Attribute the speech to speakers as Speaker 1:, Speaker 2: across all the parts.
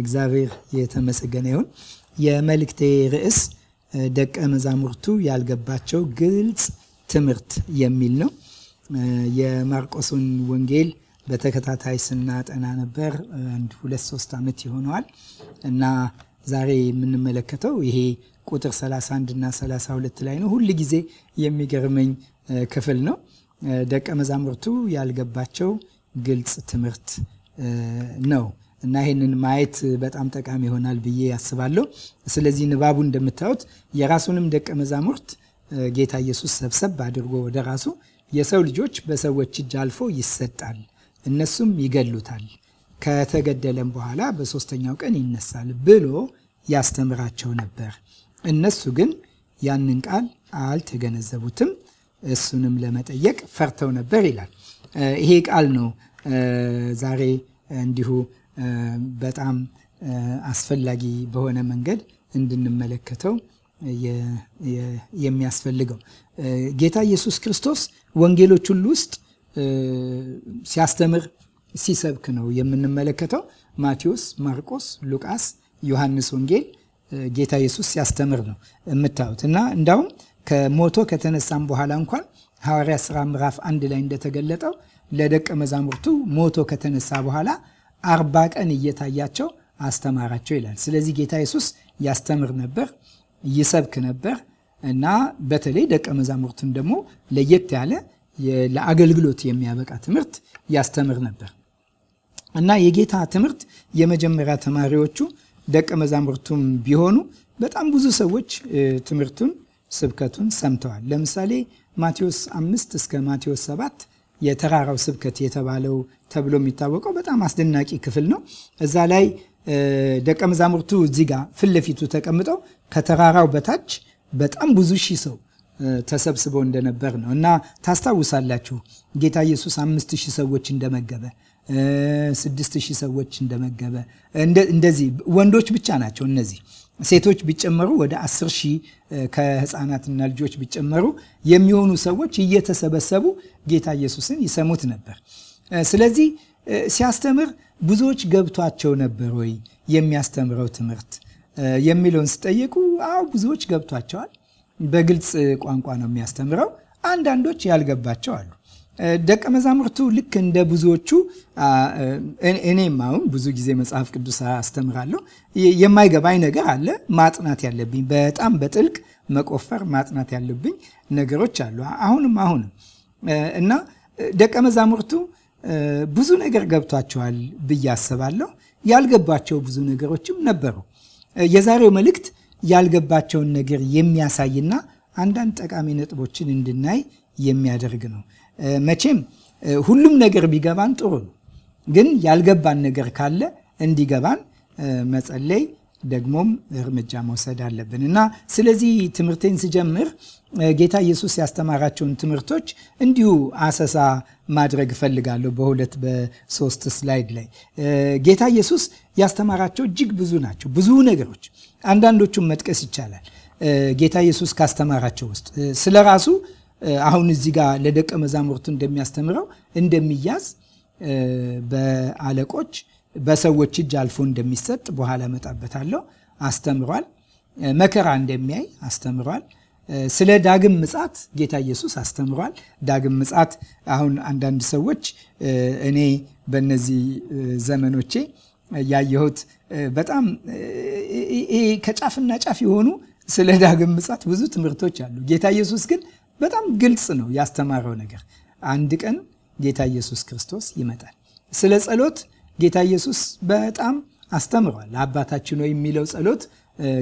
Speaker 1: እግዚአብሔር የተመሰገነ ይሁን። የመልእክቴ ርዕስ ደቀ መዛሙርቱ ያልገባቸው ግልጽ ትምህርት የሚል ነው። የማርቆስን ወንጌል በተከታታይ ስናጠና ነበር። አንድ ሁለት ሶስት ዓመት ይሆነዋል እና ዛሬ የምንመለከተው ይሄ ቁጥር 31 እና 32 ላይ ነው። ሁል ጊዜ የሚገርመኝ ክፍል ነው። ደቀ መዛሙርቱ ያልገባቸው ግልጽ ትምህርት ነው። እና ይህንን ማየት በጣም ጠቃሚ ይሆናል ብዬ ያስባለሁ። ስለዚህ ንባቡ እንደምታዩት የራሱንም ደቀ መዛሙርት ጌታ ኢየሱስ ሰብሰብ አድርጎ ወደ ራሱ የሰው ልጆች በሰዎች እጅ አልፎ ይሰጣል፣ እነሱም ይገሉታል፣ ከተገደለም በኋላ በሶስተኛው ቀን ይነሳል ብሎ ያስተምራቸው ነበር። እነሱ ግን ያንን ቃል አልተገነዘቡትም። እሱንም ለመጠየቅ ፈርተው ነበር ይላል። ይሄ ቃል ነው ዛሬ እንዲሁ በጣም አስፈላጊ በሆነ መንገድ እንድንመለከተው የሚያስፈልገው ጌታ ኢየሱስ ክርስቶስ ወንጌሎች ሁሉ ውስጥ ሲያስተምር ሲሰብክ ነው የምንመለከተው። ማቴዎስ፣ ማርቆስ፣ ሉቃስ፣ ዮሐንስ ወንጌል ጌታ ኢየሱስ ሲያስተምር ነው የምታዩት እና እንዳውም ከሞቶ ከተነሳም በኋላ እንኳን ሐዋርያ ሥራ ምዕራፍ አንድ ላይ እንደተገለጠው ለደቀ መዛሙርቱ ሞቶ ከተነሳ በኋላ አርባ ቀን እየታያቸው አስተማራቸው ይላል። ስለዚህ ጌታ ኢየሱስ ያስተምር ነበር፣ ይሰብክ ነበር እና በተለይ ደቀ መዛሙርቱን ደግሞ ለየት ያለ ለአገልግሎት የሚያበቃ ትምህርት ያስተምር ነበር እና የጌታ ትምህርት የመጀመሪያ ተማሪዎቹ ደቀ መዛሙርቱም ቢሆኑ በጣም ብዙ ሰዎች ትምህርቱን ስብከቱን ሰምተዋል። ለምሳሌ ማቴዎስ አምስት እስከ ማቴዎስ ሰባት የተራራው ስብከት የተባለው ተብሎ የሚታወቀው በጣም አስደናቂ ክፍል ነው። እዛ ላይ ደቀ መዛሙርቱ እዚህ ጋር ፊት ለፊቱ ተቀምጠው ከተራራው በታች በጣም ብዙ ሺህ ሰው ተሰብስቦ እንደነበር ነው እና ታስታውሳላችሁ ጌታ ኢየሱስ አምስት ሺህ ሰዎች እንደመገበ ስድስት ሺህ ሰዎች እንደመገበ እንደዚህ ወንዶች ብቻ ናቸው እነዚህ ሴቶች ቢጨመሩ ወደ አስር ሺህ ከህፃናትና ልጆች ቢጨመሩ የሚሆኑ ሰዎች እየተሰበሰቡ ጌታ ኢየሱስን ይሰሙት ነበር ስለዚህ ሲያስተምር ብዙዎች ገብቷቸው ነበር ወይ የሚያስተምረው ትምህርት የሚለውን ስጠየቁ፣ አዎ ብዙዎች ገብቷቸዋል። በግልጽ ቋንቋ ነው የሚያስተምረው። አንዳንዶች ያልገባቸው አሉ። ደቀ መዛሙርቱ ልክ እንደ ብዙዎቹ እኔም አሁን ብዙ ጊዜ መጽሐፍ ቅዱስ አስተምራለሁ። የማይገባኝ ነገር አለ፣ ማጥናት ያለብኝ በጣም በጥልቅ መቆፈር ማጥናት ያለብኝ ነገሮች አሉ። አሁንም አሁንም እና ደቀ መዛሙርቱ ብዙ ነገር ገብቷቸዋል ብዬ አስባለሁ። ያልገባቸው ብዙ ነገሮችም ነበሩ። የዛሬው መልእክት ያልገባቸውን ነገር የሚያሳይና አንዳንድ ጠቃሚ ነጥቦችን እንድናይ የሚያደርግ ነው። መቼም ሁሉም ነገር ቢገባን ጥሩ ነው፣ ግን ያልገባን ነገር ካለ እንዲገባን መጸለይ ደግሞም እርምጃ መውሰድ አለብን እና ስለዚህ ትምህርቴን ስጀምር ጌታ ኢየሱስ ያስተማራቸውን ትምህርቶች እንዲሁ አሰሳ ማድረግ እፈልጋለሁ። በሁለት በሶስት ስላይድ ላይ ጌታ ኢየሱስ ያስተማራቸው እጅግ ብዙ ናቸው። ብዙ ነገሮች፣ አንዳንዶቹን መጥቀስ ይቻላል። ጌታ ኢየሱስ ካስተማራቸው ውስጥ ስለ ራሱ አሁን እዚህ ጋር ለደቀ መዛሙርቱ እንደሚያስተምረው እንደሚያዝ በአለቆች በሰዎች እጅ አልፎ እንደሚሰጥ በኋላ እመጣበታለሁ አስተምሯል። መከራ እንደሚያይ አስተምሯል። ስለ ዳግም ምጻት ጌታ ኢየሱስ አስተምሯል። ዳግም ምጻት አሁን አንዳንድ ሰዎች እኔ በእነዚህ ዘመኖቼ ያየሁት በጣም ከጫፍና ጫፍ የሆኑ ስለ ዳግም ምጻት ብዙ ትምህርቶች አሉ። ጌታ ኢየሱስ ግን በጣም ግልጽ ነው ያስተማረው ነገር። አንድ ቀን ጌታ ኢየሱስ ክርስቶስ ይመጣል። ስለ ጸሎት ጌታ ኢየሱስ በጣም አስተምሯል። አባታችን ሆይ የሚለው ጸሎት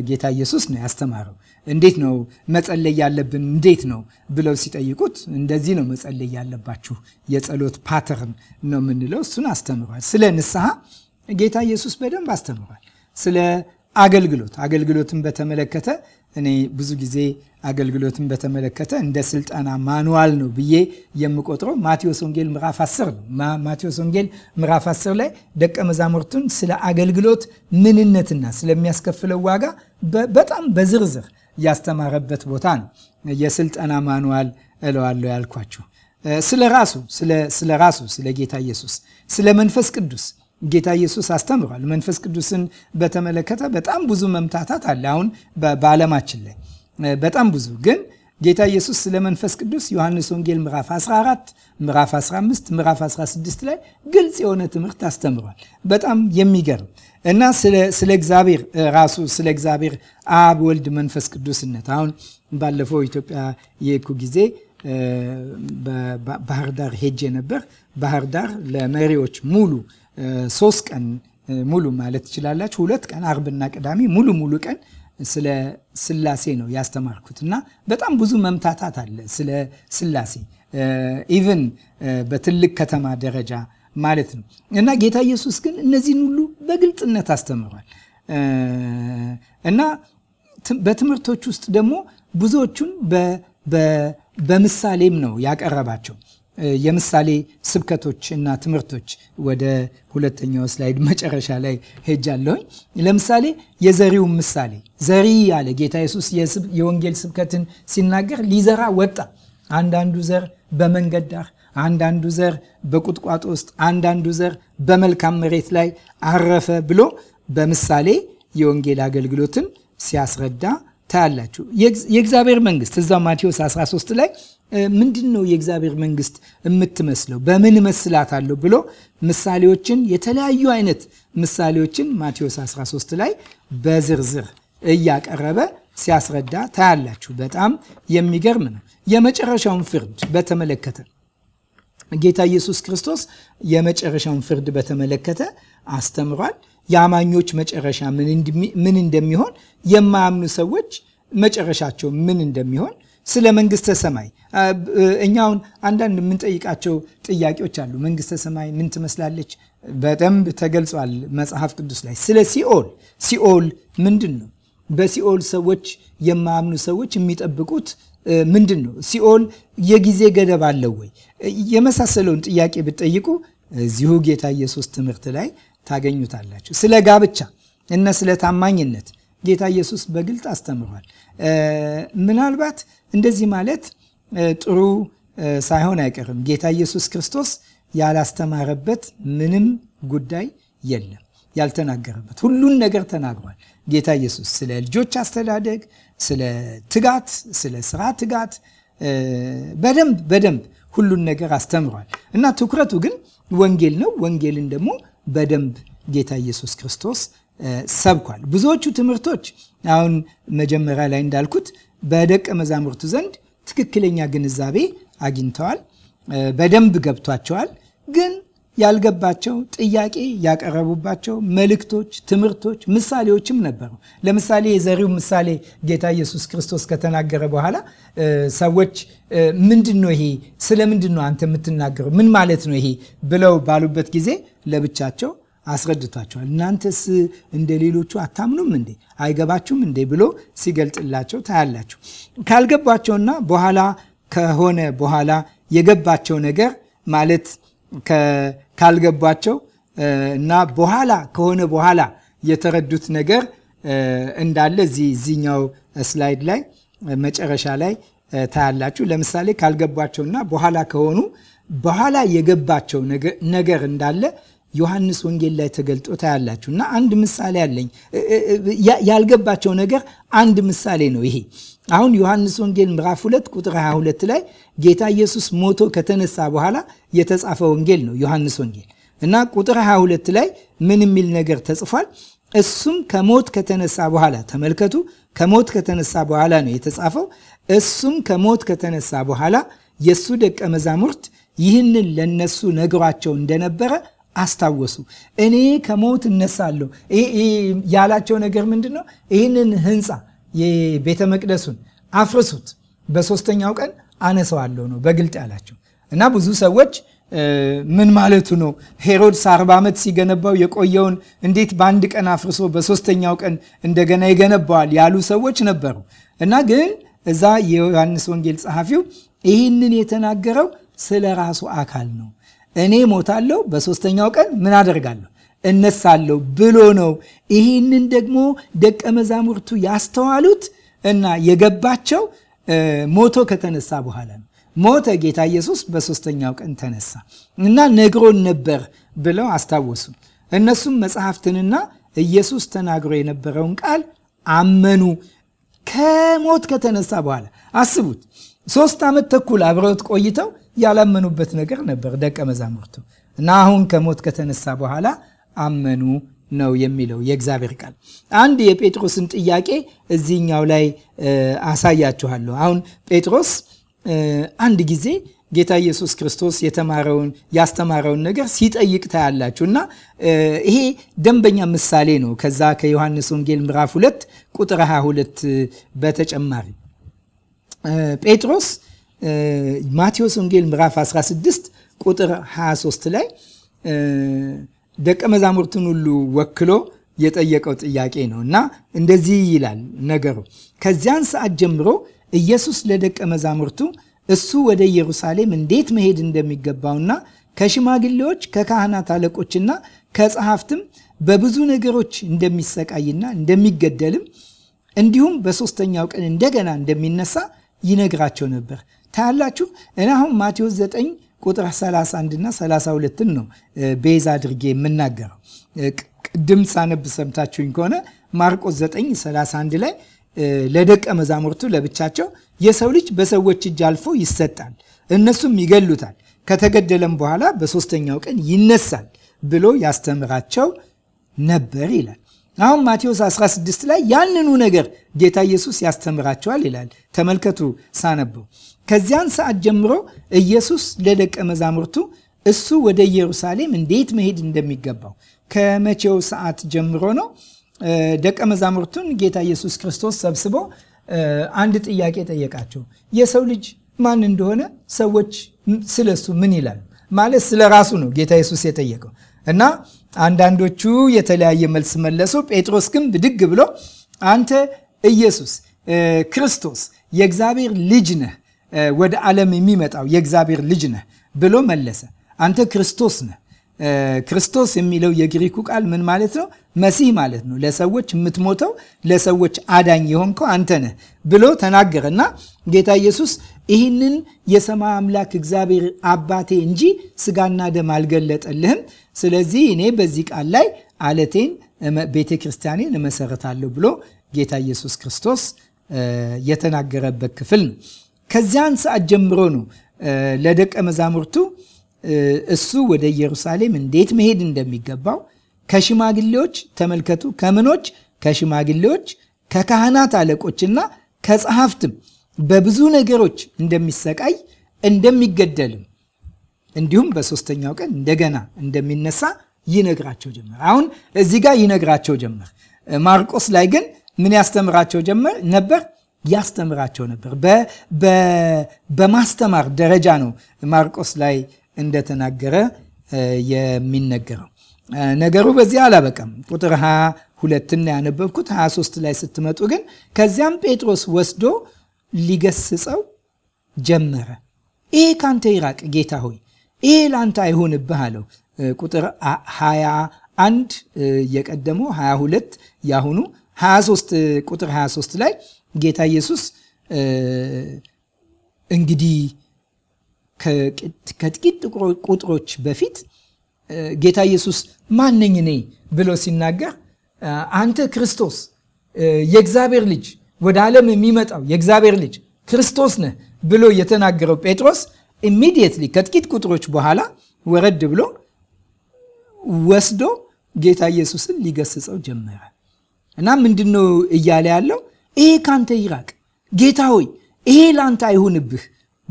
Speaker 1: ጌታ ኢየሱስ ነው ያስተማረው። እንዴት ነው መጸለይ ያለብን? እንዴት ነው ብለው ሲጠይቁት እንደዚህ ነው መጸለይ ያለባችሁ፣ የጸሎት ፓተርን ነው የምንለው። እሱን አስተምሯል። ስለ ንስሐ ጌታ ኢየሱስ በደንብ አስተምሯል። ስለ አገልግሎት አገልግሎትን በተመለከተ እኔ ብዙ ጊዜ አገልግሎትን በተመለከተ እንደ ስልጠና ማኑዋል ነው ብዬ የምቆጥረው ማቴዎስ ወንጌል ምዕራፍ 10 ነው። ማቴዎስ ወንጌል ምዕራፍ 10 ላይ ደቀ መዛሙርቱን ስለ አገልግሎት ምንነትና ስለሚያስከፍለው ዋጋ በጣም በዝርዝር ያስተማረበት ቦታ ነው። የስልጠና ማኑዋል እለዋለሁ ያልኳችሁ ስለ ራሱ ስለ ራሱ ስለ ጌታ ኢየሱስ ስለ መንፈስ ቅዱስ ጌታ ኢየሱስ አስተምሯል። መንፈስ ቅዱስን በተመለከተ በጣም ብዙ መምታታት አለ። አሁን በዓለማችን ላይ በጣም ብዙ ግን ጌታ ኢየሱስ ስለ መንፈስ ቅዱስ ዮሐንስ ወንጌል ምዕራፍ 14፣ ምዕራፍ 15፣ ምዕራፍ 16 ላይ ግልጽ የሆነ ትምህርት አስተምሯል። በጣም የሚገርም እና ስለ እግዚአብሔር ራሱ ስለ እግዚአብሔር አብ፣ ወልድ፣ መንፈስ ቅዱስነት አሁን ባለፈው ኢትዮጵያ የኩ ጊዜ ባህር ዳር ሄጄ ነበር። ባህር ዳር ለመሪዎች ሙሉ ሶስት ቀን ሙሉ ማለት ትችላላችሁ። ሁለት ቀን አርብና ቅዳሜ ሙሉ ሙሉ ቀን ስለ ስላሴ ነው ያስተማርኩት እና በጣም ብዙ መምታታት አለ ስለ ስላሴ ኢቨን በትልቅ ከተማ ደረጃ ማለት ነው እና ጌታ ኢየሱስ ግን እነዚህን ሁሉ በግልጽነት አስተምሯል እና በትምህርቶች ውስጥ ደግሞ ብዙዎቹን በምሳሌም ነው ያቀረባቸው። የምሳሌ ስብከቶች እና ትምህርቶች ወደ ሁለተኛው ስላይድ መጨረሻ ላይ ሄጃለሁኝ። ለምሳሌ የዘሪውን ምሳሌ ዘሪ ያለ ጌታ የሱስ የወንጌል ስብከትን ሲናገር ሊዘራ ወጣ። አንዳንዱ ዘር በመንገድ ዳር፣ አንዳንዱ ዘር በቁጥቋጦ ውስጥ፣ አንዳንዱ ዘር በመልካም መሬት ላይ አረፈ ብሎ በምሳሌ የወንጌል አገልግሎትን ሲያስረዳ ታያላችሁ። የእግዚአብሔር መንግስት እዛው ማቴዎስ 13 ላይ ምንድን ነው የእግዚአብሔር መንግስት የምትመስለው በምን እመስላታለሁ ብሎ ምሳሌዎችን የተለያዩ አይነት ምሳሌዎችን ማቴዎስ 13 ላይ በዝርዝር እያቀረበ ሲያስረዳ ታያላችሁ። በጣም የሚገርም ነው። የመጨረሻውን ፍርድ በተመለከተ ጌታ ኢየሱስ ክርስቶስ የመጨረሻውን ፍርድ በተመለከተ አስተምሯል። የአማኞች መጨረሻ ምን እንደሚሆን፣ የማያምኑ ሰዎች መጨረሻቸው ምን እንደሚሆን፣ ስለ መንግስተ ሰማይ እኛውን አንዳንድ የምንጠይቃቸው ጥያቄዎች አሉ። መንግስተ ሰማይ ምን ትመስላለች? በደንብ ተገልጿል መጽሐፍ ቅዱስ ላይ። ስለ ሲኦል ሲኦል ምንድን ነው? በሲኦል ሰዎች የማያምኑ ሰዎች የሚጠብቁት ምንድን ነው? ሲኦል የጊዜ ገደብ አለው ወይ? የመሳሰለውን ጥያቄ ብትጠይቁ እዚሁ ጌታ ኢየሱስ ትምህርት ላይ ታገኙታላችሁ። ስለ ጋብቻ እና ስለ ታማኝነት ጌታ ኢየሱስ በግልጥ አስተምሯል። ምናልባት እንደዚህ ማለት ጥሩ ሳይሆን አይቀርም። ጌታ ኢየሱስ ክርስቶስ ያላስተማረበት ምንም ጉዳይ የለም፣ ያልተናገረበት ሁሉን ነገር ተናግሯል። ጌታ ኢየሱስ ስለ ልጆች አስተዳደግ፣ ስለ ትጋት፣ ስለ ስራ ትጋት በደንብ በደንብ ሁሉን ነገር አስተምሯል እና ትኩረቱ ግን ወንጌል ነው። ወንጌልን ደግሞ በደንብ ጌታ ኢየሱስ ክርስቶስ ሰብኳል። ብዙዎቹ ትምህርቶች አሁን መጀመሪያ ላይ እንዳልኩት በደቀ መዛሙርቱ ዘንድ ትክክለኛ ግንዛቤ አግኝተዋል፣ በደንብ ገብቷቸዋል። ግን ያልገባቸው ጥያቄ ያቀረቡባቸው መልእክቶች፣ ትምህርቶች፣ ምሳሌዎችም ነበሩ። ለምሳሌ የዘሪው ምሳሌ ጌታ ኢየሱስ ክርስቶስ ከተናገረ በኋላ ሰዎች ምንድን ነው ይሄ? ስለ ምንድን ነው አንተ የምትናገረው? ምን ማለት ነው ይሄ? ብለው ባሉበት ጊዜ ለብቻቸው አስረድቷቸዋል። እናንተስ እንደ ሌሎቹ አታምኑም እንዴ? አይገባችሁም እንዴ? ብሎ ሲገልጥላቸው ታያላችሁ። ካልገባቸውና በኋላ ከሆነ በኋላ የገባቸው ነገር ማለት ካልገባቸው እና በኋላ ከሆነ በኋላ የተረዱት ነገር እንዳለ እዚህ ስላይድ ላይ መጨረሻ ላይ ታያላችሁ። ለምሳሌ ካልገባቸውና በኋላ ከሆኑ በኋላ የገባቸው ነገር እንዳለ ዮሐንስ ወንጌል ላይ ተገልጦ ታያላችሁ። እና አንድ ምሳሌ አለኝ ያልገባቸው ነገር አንድ ምሳሌ ነው ይሄ አሁን ዮሐንስ ወንጌል ምዕራፍ 2 ቁጥር 22 ላይ ጌታ ኢየሱስ ሞቶ ከተነሳ በኋላ የተጻፈ ወንጌል ነው ዮሐንስ ወንጌል እና ቁጥር 22 ላይ ምን የሚል ነገር ተጽፏል? እሱም ከሞት ከተነሳ በኋላ ተመልከቱ፣ ከሞት ከተነሳ በኋላ ነው የተጻፈው። እሱም ከሞት ከተነሳ በኋላ የእሱ ደቀ መዛሙርት ይህንን ለነሱ ነግሯቸው እንደነበረ አስታወሱ። እኔ ከሞት እነሳለሁ ያላቸው ነገር ምንድን ነው? ይህንን ህንፃ የቤተ መቅደሱን አፍርሱት፣ በሶስተኛው ቀን አነሰዋለሁ ነው በግልጥ ያላቸው እና ብዙ ሰዎች ምን ማለቱ ነው? ሄሮድስ አርባ ዓመት ሲገነባው የቆየውን እንዴት በአንድ ቀን አፍርሶ በሶስተኛው ቀን እንደገና ይገነባዋል ያሉ ሰዎች ነበሩ እና ግን እዛ የዮሐንስ ወንጌል ጸሐፊው ይህንን የተናገረው ስለ ራሱ አካል ነው። እኔ ሞታለሁ፣ በሶስተኛው ቀን ምን አደርጋለሁ? እነሳለሁ ብሎ ነው። ይህንን ደግሞ ደቀ መዛሙርቱ ያስተዋሉት እና የገባቸው ሞቶ ከተነሳ በኋላ ነው። ሞተ ጌታ ኢየሱስ በሶስተኛው ቀን ተነሳ እና ነግሮን ነበር ብለው አስታወሱ። እነሱም መጽሐፍትንና ኢየሱስ ተናግሮ የነበረውን ቃል አመኑ። ከሞት ከተነሳ በኋላ አስቡት። ሶስት ዓመት ተኩል አብረውት ቆይተው ያላመኑበት ነገር ነበር ደቀ መዛሙርቱ እና አሁን ከሞት ከተነሳ በኋላ አመኑ ነው የሚለው የእግዚአብሔር ቃል። አንድ የጴጥሮስን ጥያቄ እዚህኛው ላይ አሳያችኋለሁ። አሁን ጴጥሮስ አንድ ጊዜ ጌታ ኢየሱስ ክርስቶስ የተማረውን ያስተማረውን ነገር ሲጠይቅ ታያላችሁ እና ይሄ ደንበኛ ምሳሌ ነው። ከዛ ከዮሐንስ ወንጌል ምዕራፍ 2 ቁጥር 22 በተጨማሪ ጴጥሮስ ማቴዎስ ወንጌል ምዕራፍ 16 ቁጥር 23 ላይ ደቀ መዛሙርትን ሁሉ ወክሎ የጠየቀው ጥያቄ ነው እና እንደዚህ ይላል ነገሩ። ከዚያን ሰዓት ጀምሮ ኢየሱስ ለደቀ መዛሙርቱ እሱ ወደ ኢየሩሳሌም እንዴት መሄድ እንደሚገባውና ከሽማግሌዎች ከካህናት አለቆችና ከጸሐፍትም በብዙ ነገሮች እንደሚሰቃይና እንደሚገደልም እንዲሁም በሶስተኛው ቀን እንደገና እንደሚነሳ ይነግራቸው ነበር። ታያላችሁ እኔ አሁን ማቴዎስ 9 ቁጥር 31 እና 32ን ነው ቤዛ አድርጌ የምናገረው። ቅድም ሳነብ ሰምታችሁኝ ከሆነ ማርቆስ 9 31 ላይ ለደቀ መዛሙርቱ ለብቻቸው የሰው ልጅ በሰዎች እጅ አልፎ ይሰጣል፣ እነሱም ይገሉታል፣ ከተገደለም በኋላ በሶስተኛው ቀን ይነሳል ብሎ ያስተምራቸው ነበር ይላል። አሁን ማቴዎስ 16 ላይ ያንኑ ነገር ጌታ ኢየሱስ ያስተምራቸዋል ይላል። ተመልከቱ ሳነበው። ከዚያን ሰዓት ጀምሮ ኢየሱስ ለደቀ መዛሙርቱ እሱ ወደ ኢየሩሳሌም እንዴት መሄድ እንደሚገባው ከመቼው ሰዓት ጀምሮ ነው? ደቀ መዛሙርቱን ጌታ ኢየሱስ ክርስቶስ ሰብስቦ አንድ ጥያቄ ጠየቃቸው። የሰው ልጅ ማን እንደሆነ ሰዎች ስለሱ ምን ይላሉ? ማለት ስለ ራሱ ነው ጌታ ኢየሱስ የጠየቀው እና አንዳንዶቹ የተለያየ መልስ መለሱ። ጴጥሮስ ግን ብድግ ብሎ አንተ ኢየሱስ ክርስቶስ የእግዚአብሔር ልጅ ነህ፣ ወደ ዓለም የሚመጣው የእግዚአብሔር ልጅ ነህ ብሎ መለሰ። አንተ ክርስቶስ ነህ። ክርስቶስ የሚለው የግሪኩ ቃል ምን ማለት ነው? መሲህ ማለት ነው። ለሰዎች የምትሞተው ለሰዎች አዳኝ የሆንከው አንተ ነህ ብሎ ተናገረ እና ጌታ ኢየሱስ ይህንን የሰማይ አምላክ እግዚአብሔር አባቴ እንጂ ስጋና ደም አልገለጠልህም። ስለዚህ እኔ በዚህ ቃል ላይ አለቴን ቤተ ክርስቲያኔን እመሰረታለሁ ብሎ ጌታ ኢየሱስ ክርስቶስ የተናገረበት ክፍል ነው። ከዚያን ሰዓት ጀምሮ ነው ለደቀ መዛሙርቱ እሱ ወደ ኢየሩሳሌም እንዴት መሄድ እንደሚገባው ከሽማግሌዎች ተመልከቱ፣ ከምኖች ከሽማግሌዎች ከካህናት አለቆችና ከጸሐፍትም በብዙ ነገሮች እንደሚሰቃይ እንደሚገደልም እንዲሁም በሶስተኛው ቀን እንደገና እንደሚነሳ ይነግራቸው ጀመር። አሁን እዚህ ጋር ይነግራቸው ጀመር። ማርቆስ ላይ ግን ምን ያስተምራቸው ጀመር ነበር? ያስተምራቸው ነበር። በማስተማር ደረጃ ነው ማርቆስ ላይ እንደተናገረ የሚነገረው። ነገሩ በዚህ አላበቀም። ቁጥር 22 ያነበብኩት 23 ላይ ስትመጡ ግን ከዚያም ጴጥሮስ ወስዶ ሊገስጸው ጀመረ። ይሄ ካንተ ይራቅ ጌታ ሆይ፣ ይሄ ላንተ አይሆንብህ አለው። ቁጥር 21 የቀደመው 22 ያሁኑ 23 ቁጥር 23 ላይ ጌታ ኢየሱስ እንግዲህ ከጥቂት ቁጥሮች በፊት ጌታ ኢየሱስ ማነኝ እኔ ብሎ ሲናገር አንተ ክርስቶስ የእግዚአብሔር ልጅ ወደ ዓለም የሚመጣው የእግዚአብሔር ልጅ ክርስቶስ ነህ ብሎ የተናገረው ጴጥሮስ ኢሚዲየትሊ ከጥቂት ቁጥሮች በኋላ ወረድ ብሎ ወስዶ ጌታ ኢየሱስን ሊገስጸው ጀመረ እና ምንድን ነው እያለ ያለው ይሄ ካንተ ይራቅ ጌታ ሆይ ይሄ ላንተ አይሁንብህ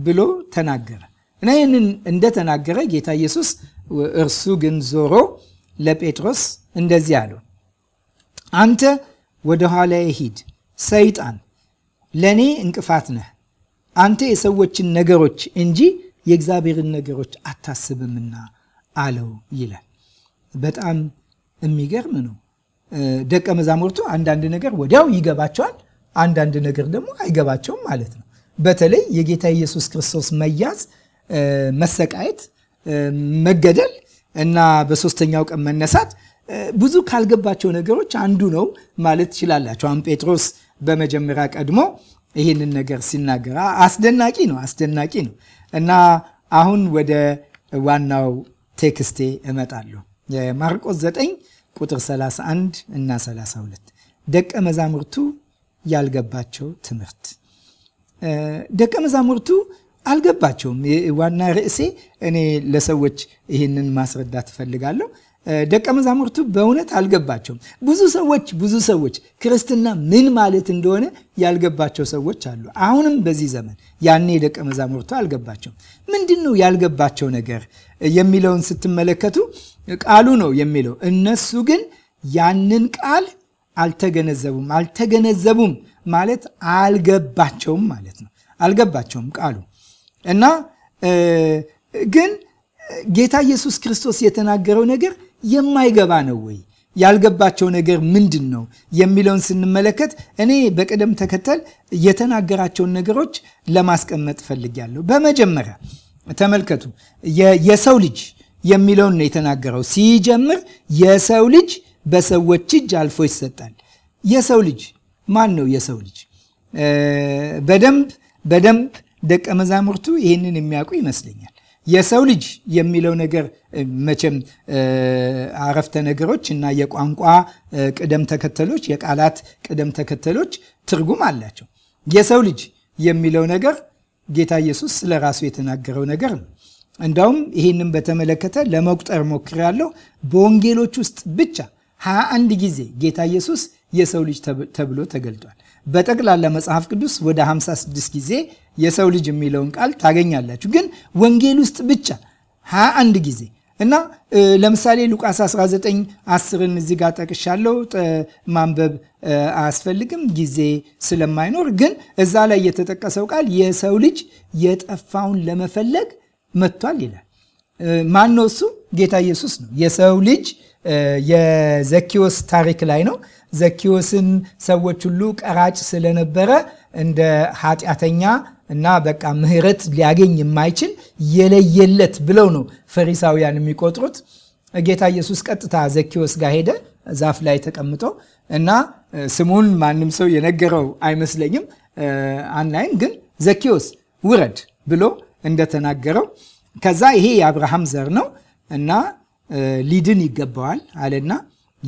Speaker 1: ብሎ ተናገረ እና ይህንን እንደተናገረ ጌታ ኢየሱስ እርሱ ግን ዞሮ ለጴጥሮስ እንደዚህ አለው አንተ ወደ ሂድ ሰይጣን ለእኔ እንቅፋት ነህ፣ አንተ የሰዎችን ነገሮች እንጂ የእግዚአብሔርን ነገሮች አታስብምና አለው ይላል። በጣም የሚገርም ነው። ደቀ መዛሙርቱ አንዳንድ ነገር ወዲያው ይገባቸዋል፣ አንዳንድ ነገር ደግሞ አይገባቸውም ማለት ነው። በተለይ የጌታ ኢየሱስ ክርስቶስ መያዝ፣ መሰቃየት፣ መገደል እና በሶስተኛው ቀን መነሳት ብዙ ካልገባቸው ነገሮች አንዱ ነው ማለት ትችላላቸው። አሁን ጴጥሮስ በመጀመሪያ ቀድሞ ይህንን ነገር ሲናገር አስደናቂ ነው፣ አስደናቂ ነው እና አሁን ወደ ዋናው ቴክስቴ እመጣለሁ። የማርቆስ 9 ቁጥር 31 እና 32 ደቀ መዛሙርቱ ያልገባቸው ትምህርት ደቀ መዛሙርቱ አልገባቸውም። ዋና ርዕሴ እኔ ለሰዎች ይህንን ማስረዳት እፈልጋለሁ። ደቀ መዛሙርቱ በእውነት አልገባቸውም። ብዙ ሰዎች ብዙ ሰዎች ክርስትና ምን ማለት እንደሆነ ያልገባቸው ሰዎች አሉ። አሁንም በዚህ ዘመን ያኔ ደቀ መዛሙርቱ አልገባቸውም። ምንድን ነው ያልገባቸው ነገር የሚለውን ስትመለከቱ ቃሉ ነው የሚለው። እነሱ ግን ያንን ቃል አልተገነዘቡም። አልተገነዘቡም ማለት አልገባቸውም ማለት ነው። አልገባቸውም ቃሉ እና ግን ጌታ ኢየሱስ ክርስቶስ የተናገረው ነገር የማይገባ ነው ወይ ያልገባቸው ነገር ምንድን ነው የሚለውን ስንመለከት እኔ በቅደም ተከተል የተናገራቸውን ነገሮች ለማስቀመጥ ፈልጊያለሁ። በመጀመሪያ ተመልከቱ፣ የሰው ልጅ የሚለውን ነው የተናገረው። ሲጀምር የሰው ልጅ በሰዎች እጅ አልፎ ይሰጣል። የሰው ልጅ ማን ነው? የሰው ልጅ በደንብ በደንብ ደቀ መዛሙርቱ ይህንን የሚያውቁ ይመስለኛል። የሰው ልጅ የሚለው ነገር መቼም አረፍተ ነገሮች እና የቋንቋ ቅደም ተከተሎች፣ የቃላት ቅደም ተከተሎች ትርጉም አላቸው። የሰው ልጅ የሚለው ነገር ጌታ ኢየሱስ ስለ ራሱ የተናገረው ነገር ነው። እንዳውም ይህንም በተመለከተ ለመቁጠር ሞክሬያለሁ። በወንጌሎች ውስጥ ብቻ 21 አንድ ጊዜ ጌታ ኢየሱስ የሰው ልጅ ተብሎ ተገልጧል። በጠቅላላ መጽሐፍ ቅዱስ ወደ 56 ጊዜ የሰው ልጅ የሚለውን ቃል ታገኛላችሁ። ግን ወንጌል ውስጥ ብቻ 21 ጊዜ እና ለምሳሌ ሉቃስ 19 10ን እዚህ ጋር ጠቅሻለሁ። ማንበብ አያስፈልግም ጊዜ ስለማይኖር። ግን እዛ ላይ የተጠቀሰው ቃል የሰው ልጅ የጠፋውን ለመፈለግ መጥቷል ይላል። ማን ነው እሱ? ጌታ ኢየሱስ ነው። የሰው ልጅ የዘኪዎስ ታሪክ ላይ ነው። ዘኪዎስን ሰዎች ሁሉ ቀራጭ ስለነበረ እንደ ኃጢአተኛ እና በቃ ምሕረት ሊያገኝ የማይችል የለየለት ብለው ነው ፈሪሳውያን የሚቆጥሩት። ጌታ ኢየሱስ ቀጥታ ዘኪዎስ ጋር ሄደ ዛፍ ላይ ተቀምጦ እና ስሙን ማንም ሰው የነገረው አይመስለኝም አናይም፣ ግን ዘኪዎስ ውረድ ብሎ እንደተናገረው ከዛ ይሄ የአብርሃም ዘር ነው እና ሊድን ይገባዋል አለና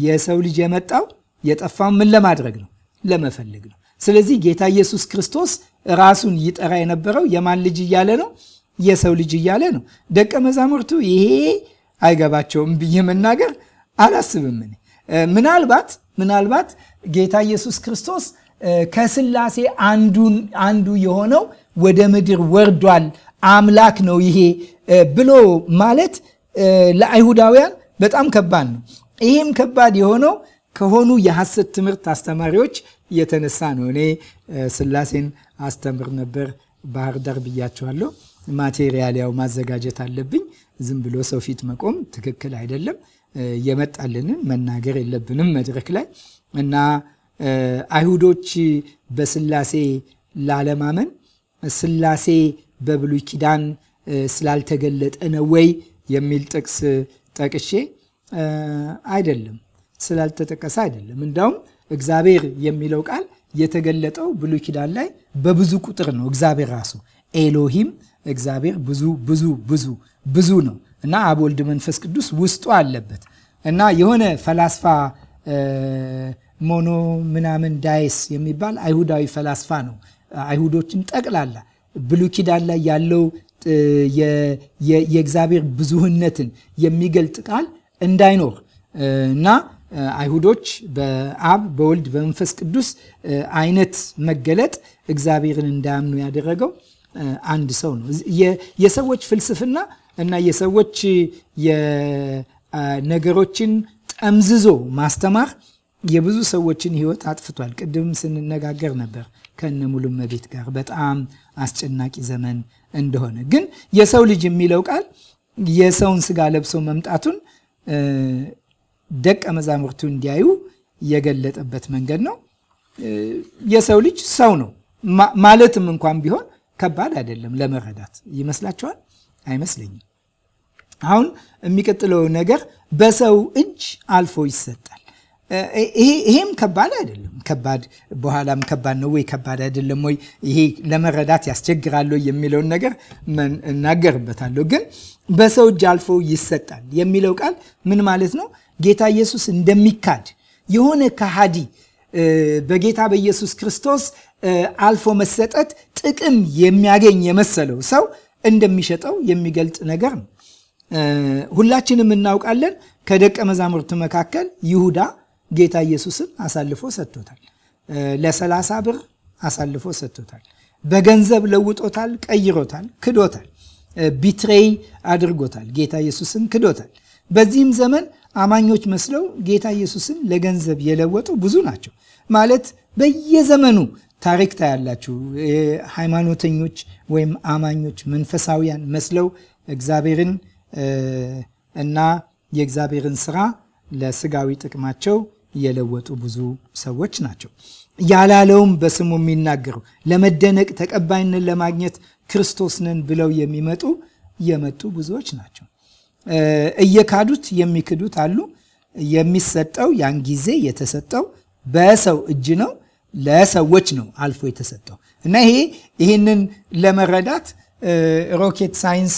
Speaker 1: የሰው ልጅ የመጣው የጠፋው ምን ለማድረግ ነው? ለመፈለግ ነው። ስለዚህ ጌታ ኢየሱስ ክርስቶስ ራሱን ይጠራ የነበረው የማን ልጅ እያለ ነው? የሰው ልጅ እያለ ነው። ደቀ መዛሙርቱ ይሄ አይገባቸውም ብዬ መናገር አላስብም። ምናልባት ምናልባት ጌታ ኢየሱስ ክርስቶስ ከስላሴ አንዱ የሆነው ወደ ምድር ወርዷል፣ አምላክ ነው ይሄ ብሎ ማለት ለአይሁዳውያን በጣም ከባድ ነው። ይህም ከባድ የሆነው ከሆኑ የሐሰት ትምህርት አስተማሪዎች የተነሳ ነው። እኔ ስላሴን አስተምር ነበር ባህር ዳር ብያቸዋለሁ። ማቴሪያል ያው ማዘጋጀት አለብኝ። ዝም ብሎ ሰው ፊት መቆም ትክክል አይደለም። የመጣልንን መናገር የለብንም መድረክ ላይ እና አይሁዶች በስላሴ ላለማመን ስላሴ በብሉይ ኪዳን ስላልተገለጠ ነው ወይ የሚል ጥቅስ ጠቅሼ አይደለም፣ ስላልተጠቀሰ አይደለም። እንዳውም እግዚአብሔር የሚለው ቃል የተገለጠው ብሉይ ኪዳን ላይ በብዙ ቁጥር ነው። እግዚአብሔር ራሱ ኤሎሂም እግዚአብሔር ብዙ ብዙ ብዙ ብዙ ነው እና አብ ወልድ መንፈስ ቅዱስ ውስጡ አለበት እና የሆነ ፈላስፋ ሞኖ ምናምን ዳይስ የሚባል አይሁዳዊ ፈላስፋ ነው። አይሁዶችን ጠቅላላ ብሉይ ኪዳን ላይ ያለው የእግዚአብሔር ብዙህነትን የሚገልጥ ቃል እንዳይኖር እና አይሁዶች በአብ በወልድ በመንፈስ ቅዱስ አይነት መገለጥ እግዚአብሔርን እንዳያምኑ ያደረገው አንድ ሰው ነው። የሰዎች ፍልስፍና እና የሰዎች የነገሮችን ጠምዝዞ ማስተማር የብዙ ሰዎችን ሕይወት አጥፍቷል። ቅድም ስንነጋገር ነበር ከነ ሙሉ መቤት ጋር በጣም አስጨናቂ ዘመን እንደሆነ። ግን የሰው ልጅ የሚለው ቃል የሰውን ስጋ ለብሶ መምጣቱን ደቀ መዛሙርቱ እንዲያዩ የገለጠበት መንገድ ነው። የሰው ልጅ ሰው ነው ማለትም እንኳን ቢሆን ከባድ አይደለም ለመረዳት። ይመስላችኋል? አይመስለኝም። አሁን የሚቀጥለው ነገር በሰው እጅ አልፎ ይሰጣል። ይሄም ከባድ አይደለም። ከባድ በኋላም ከባድ ነው ወይ ከባድ አይደለም ወይ ይሄ ለመረዳት ያስቸግራል የሚለውን ነገር እናገርበታለሁ። ግን በሰው እጅ አልፎ ይሰጣል የሚለው ቃል ምን ማለት ነው? ጌታ ኢየሱስ እንደሚካድ የሆነ ከሃዲ በጌታ በኢየሱስ ክርስቶስ አልፎ መሰጠት ጥቅም የሚያገኝ የመሰለው ሰው እንደሚሸጠው የሚገልጥ ነገር ነው። ሁላችንም እናውቃለን። ከደቀ መዛሙርት መካከል ይሁዳ ጌታ ኢየሱስን አሳልፎ ሰጥቶታል። ለሰላሳ ብር አሳልፎ ሰጥቶታል። በገንዘብ ለውጦታል፣ ቀይሮታል፣ ክዶታል፣ ቢትሬይ አድርጎታል። ጌታ ኢየሱስን ክዶታል። በዚህም ዘመን አማኞች መስለው ጌታ ኢየሱስን ለገንዘብ የለወጡ ብዙ ናቸው። ማለት በየዘመኑ ታሪክ ታያላችሁ። ሃይማኖተኞች ወይም አማኞች መንፈሳውያን መስለው እግዚአብሔርን እና የእግዚአብሔርን ስራ ለስጋዊ ጥቅማቸው የለወጡ ብዙ ሰዎች ናቸው። ያላለውም በስሙ የሚናገሩ ለመደነቅ ተቀባይነት ለማግኘት ክርስቶስ ነን ብለው የሚመጡ የመጡ ብዙዎች ናቸው። እየካዱት የሚክዱት አሉ። የሚሰጠው ያን ጊዜ የተሰጠው በሰው እጅ ነው፣ ለሰዎች ነው አልፎ የተሰጠው እና ይሄ ይህንን ለመረዳት ሮኬት ሳይንስ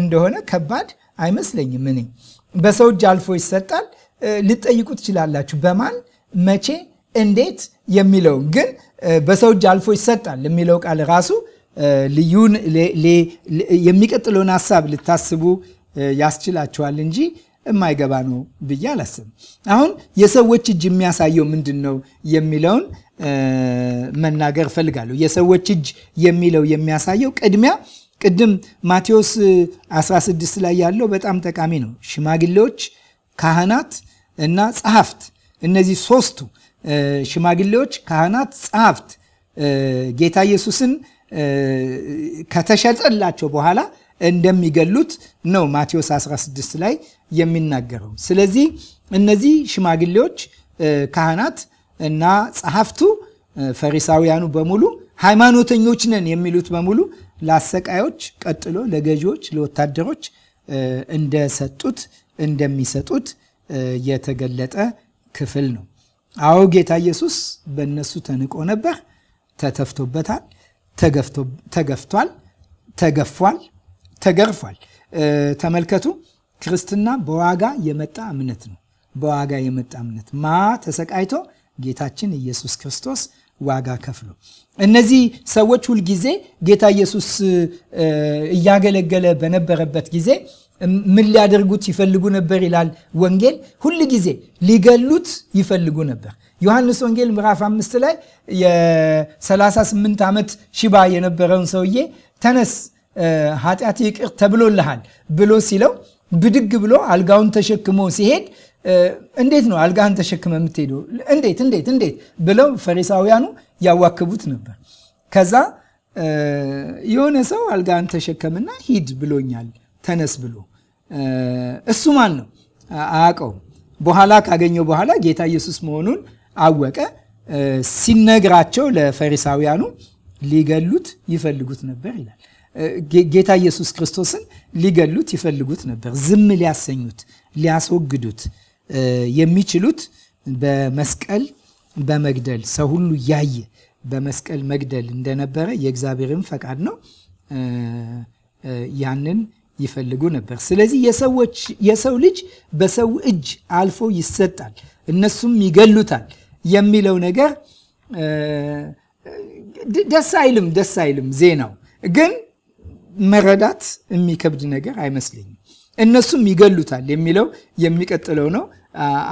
Speaker 1: እንደሆነ ከባድ አይመስለኝም። እኔ በሰው እጅ አልፎ ይሰጣል። ልጠይቁ ትችላላችሁ በማን መቼ፣ እንዴት የሚለው ግን በሰው እጅ አልፎ ይሰጣል የሚለው ቃል ራሱ ልዩን የሚቀጥለውን ሀሳብ ልታስቡ ያስችላቸዋል እንጂ የማይገባ ነው ብዬ አላስብም። አሁን የሰዎች እጅ የሚያሳየው ምንድን ነው የሚለውን መናገር እፈልጋለሁ። የሰዎች እጅ የሚለው የሚያሳየው ቅድሚያ ቅድም ማቴዎስ 16 ላይ ያለው በጣም ጠቃሚ ነው። ሽማግሌዎች፣ ካህናት እና ጸሐፍት እነዚህ ሶስቱ ሽማግሌዎች፣ ካህናት፣ ጸሐፍት ጌታ ኢየሱስን ከተሸጠላቸው በኋላ እንደሚገሉት ነው ማቴዎስ 16 ላይ የሚናገረው። ስለዚህ እነዚህ ሽማግሌዎች፣ ካህናት እና ጸሐፍቱ ፈሪሳውያኑ በሙሉ ሃይማኖተኞች ነን የሚሉት በሙሉ ለአሰቃዮች፣ ቀጥሎ ለገዢዎች፣ ለወታደሮች እንደሰጡት እንደሚሰጡት የተገለጠ ክፍል ነው። አዎ ጌታ ኢየሱስ በእነሱ ተንቆ ነበር፣ ተተፍቶበታል፣ ተገፍቷል፣ ተገፏል ተገርፏል። ተመልከቱ፣ ክርስትና በዋጋ የመጣ እምነት ነው። በዋጋ የመጣ እምነት ማ ተሰቃይቶ ጌታችን ኢየሱስ ክርስቶስ ዋጋ ከፍሎ እነዚህ ሰዎች ሁልጊዜ ጌታ ኢየሱስ እያገለገለ በነበረበት ጊዜ ምን ሊያደርጉት ይፈልጉ ነበር ይላል ወንጌል። ሁል ጊዜ ሊገሉት ይፈልጉ ነበር። ዮሐንስ ወንጌል ምዕራፍ አምስት ላይ የ38 ዓመት ሽባ የነበረውን ሰውዬ ተነስ ኃጢአት ይቅር ተብሎልሃል ብሎ ሲለው ብድግ ብሎ አልጋውን ተሸክሞ ሲሄድ እንዴት ነው አልጋህን ተሸክመ የምትሄደው? እንዴት እንዴት እንዴት ብለው ፈሪሳውያኑ ያዋክቡት ነበር። ከዛ የሆነ ሰው አልጋህን ተሸከምና ሂድ ብሎኛል ተነስ ብሎ እሱ ማን ነው አቀው በኋላ ካገኘው በኋላ ጌታ ኢየሱስ መሆኑን አወቀ። ሲነግራቸው ለፈሪሳውያኑ ሊገሉት ይፈልጉት ነበር ይላል። ጌታ ኢየሱስ ክርስቶስን ሊገሉት ይፈልጉት ነበር። ዝም ሊያሰኙት፣ ሊያስወግዱት የሚችሉት በመስቀል በመግደል ሰው ሁሉ ያየ በመስቀል መግደል እንደነበረ የእግዚአብሔርን ፈቃድ ነው። ያንን ይፈልጉ ነበር። ስለዚህ የሰዎች የሰው ልጅ በሰው እጅ አልፎ ይሰጣል፣ እነሱም ይገሉታል የሚለው ነገር ደስ አይልም፣ ደስ አይልም ዜናው ግን መረዳት የሚከብድ ነገር አይመስለኝም። እነሱም ይገሉታል የሚለው የሚቀጥለው ነው።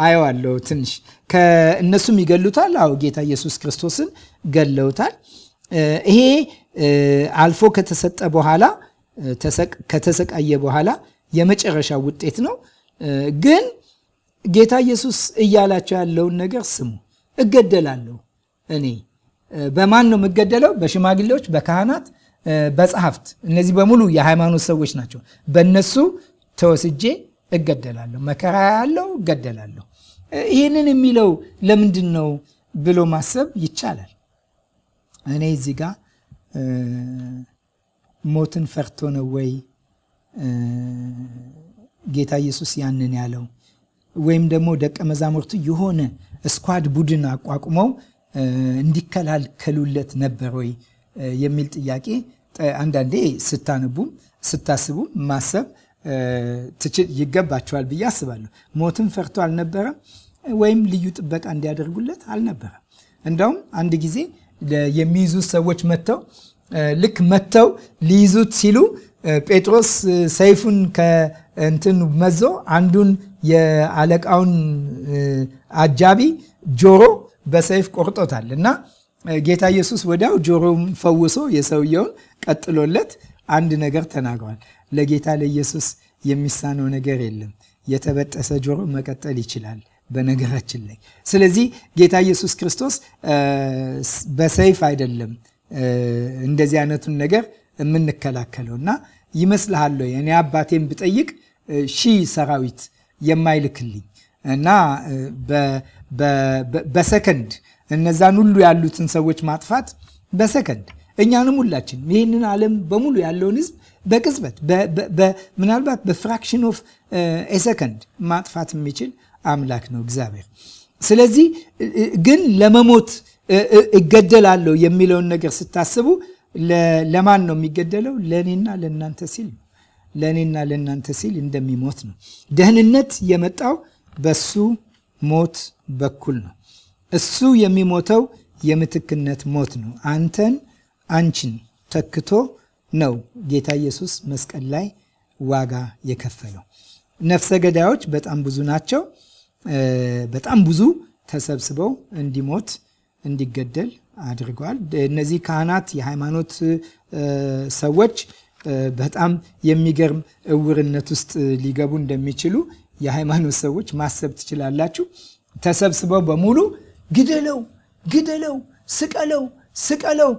Speaker 1: አየዋለሁ ትንሽ እነሱም ይገሉታል። አዎ ጌታ ኢየሱስ ክርስቶስን ገለውታል። ይሄ አልፎ ከተሰጠ በኋላ ከተሰቃየ በኋላ የመጨረሻ ውጤት ነው። ግን ጌታ ኢየሱስ እያላቸው ያለውን ነገር ስሙ። እገደላለሁ እኔ በማን ነው የምገደለው? በሽማግሌዎች፣ በካህናት በጸሐፍት እነዚህ በሙሉ የሃይማኖት ሰዎች ናቸው። በእነሱ ተወስጄ እገደላለሁ፣ መከራ ያለው እገደላለሁ። ይህንን የሚለው ለምንድን ነው ብሎ ማሰብ ይቻላል። እኔ እዚህ ጋር ሞትን ፈርቶ ነው ወይ ጌታ ኢየሱስ ያንን ያለው? ወይም ደግሞ ደቀ መዛሙርቱ የሆነ ስኳድ ቡድን አቋቁመው እንዲከላከሉለት ነበር ወይ የሚል ጥያቄ አንዳንዴ ስታነቡም ስታስቡም ማሰብ ትችል ይገባቸዋል ብዬ አስባለሁ። ሞትን ፈርቶ አልነበረም፣ ወይም ልዩ ጥበቃ እንዲያደርጉለት አልነበረም። እንደውም አንድ ጊዜ የሚይዙ ሰዎች መጥተው ልክ መጥተው ሊይዙት ሲሉ ጴጥሮስ ሰይፉን ከእንትን መዞ አንዱን የአለቃውን አጃቢ ጆሮ በሰይፍ ቆርጦታል እና ጌታ ኢየሱስ ወዲያው ጆሮውን ፈውሶ የሰውየውን ቀጥሎለት አንድ ነገር ተናግሯል። ለጌታ ለኢየሱስ የሚሳነው ነገር የለም። የተበጠሰ ጆሮ መቀጠል ይችላል። በነገራችን ላይ ስለዚህ ጌታ ኢየሱስ ክርስቶስ በሰይፍ አይደለም እንደዚህ አይነቱን ነገር የምንከላከለው እና ይመስልሃል እኔ አባቴን ብጠይቅ ሺህ ሰራዊት የማይልክልኝ እና በሰከንድ እነዛን ሁሉ ያሉትን ሰዎች ማጥፋት በሰከንድ እኛንም ሁላችን ይህንን ዓለም በሙሉ ያለውን ህዝብ በቅጽበት ምናልባት በፍራክሽን ኦፍ ኤሰከንድ ማጥፋት የሚችል አምላክ ነው እግዚአብሔር። ስለዚህ ግን ለመሞት እገደላለሁ የሚለውን ነገር ስታስቡ ለማን ነው የሚገደለው? ለእኔና ለእናንተ ሲል ነው። ለእኔና ለእናንተ ሲል እንደሚሞት ነው። ደህንነት የመጣው በሱ ሞት በኩል ነው። እሱ የሚሞተው የምትክነት ሞት ነው። አንተን አንቺን ተክቶ ነው ጌታ ኢየሱስ መስቀል ላይ ዋጋ የከፈለው። ነፍሰ ገዳዮች በጣም ብዙ ናቸው። በጣም ብዙ ተሰብስበው እንዲሞት እንዲገደል አድርገዋል። እነዚህ ካህናት፣ የሃይማኖት ሰዎች በጣም የሚገርም እውርነት ውስጥ ሊገቡ እንደሚችሉ የሃይማኖት ሰዎች ማሰብ ትችላላችሁ። ተሰብስበው በሙሉ ግደለው፣ ግደለው፣ ስቀለው፣ ስቀለው።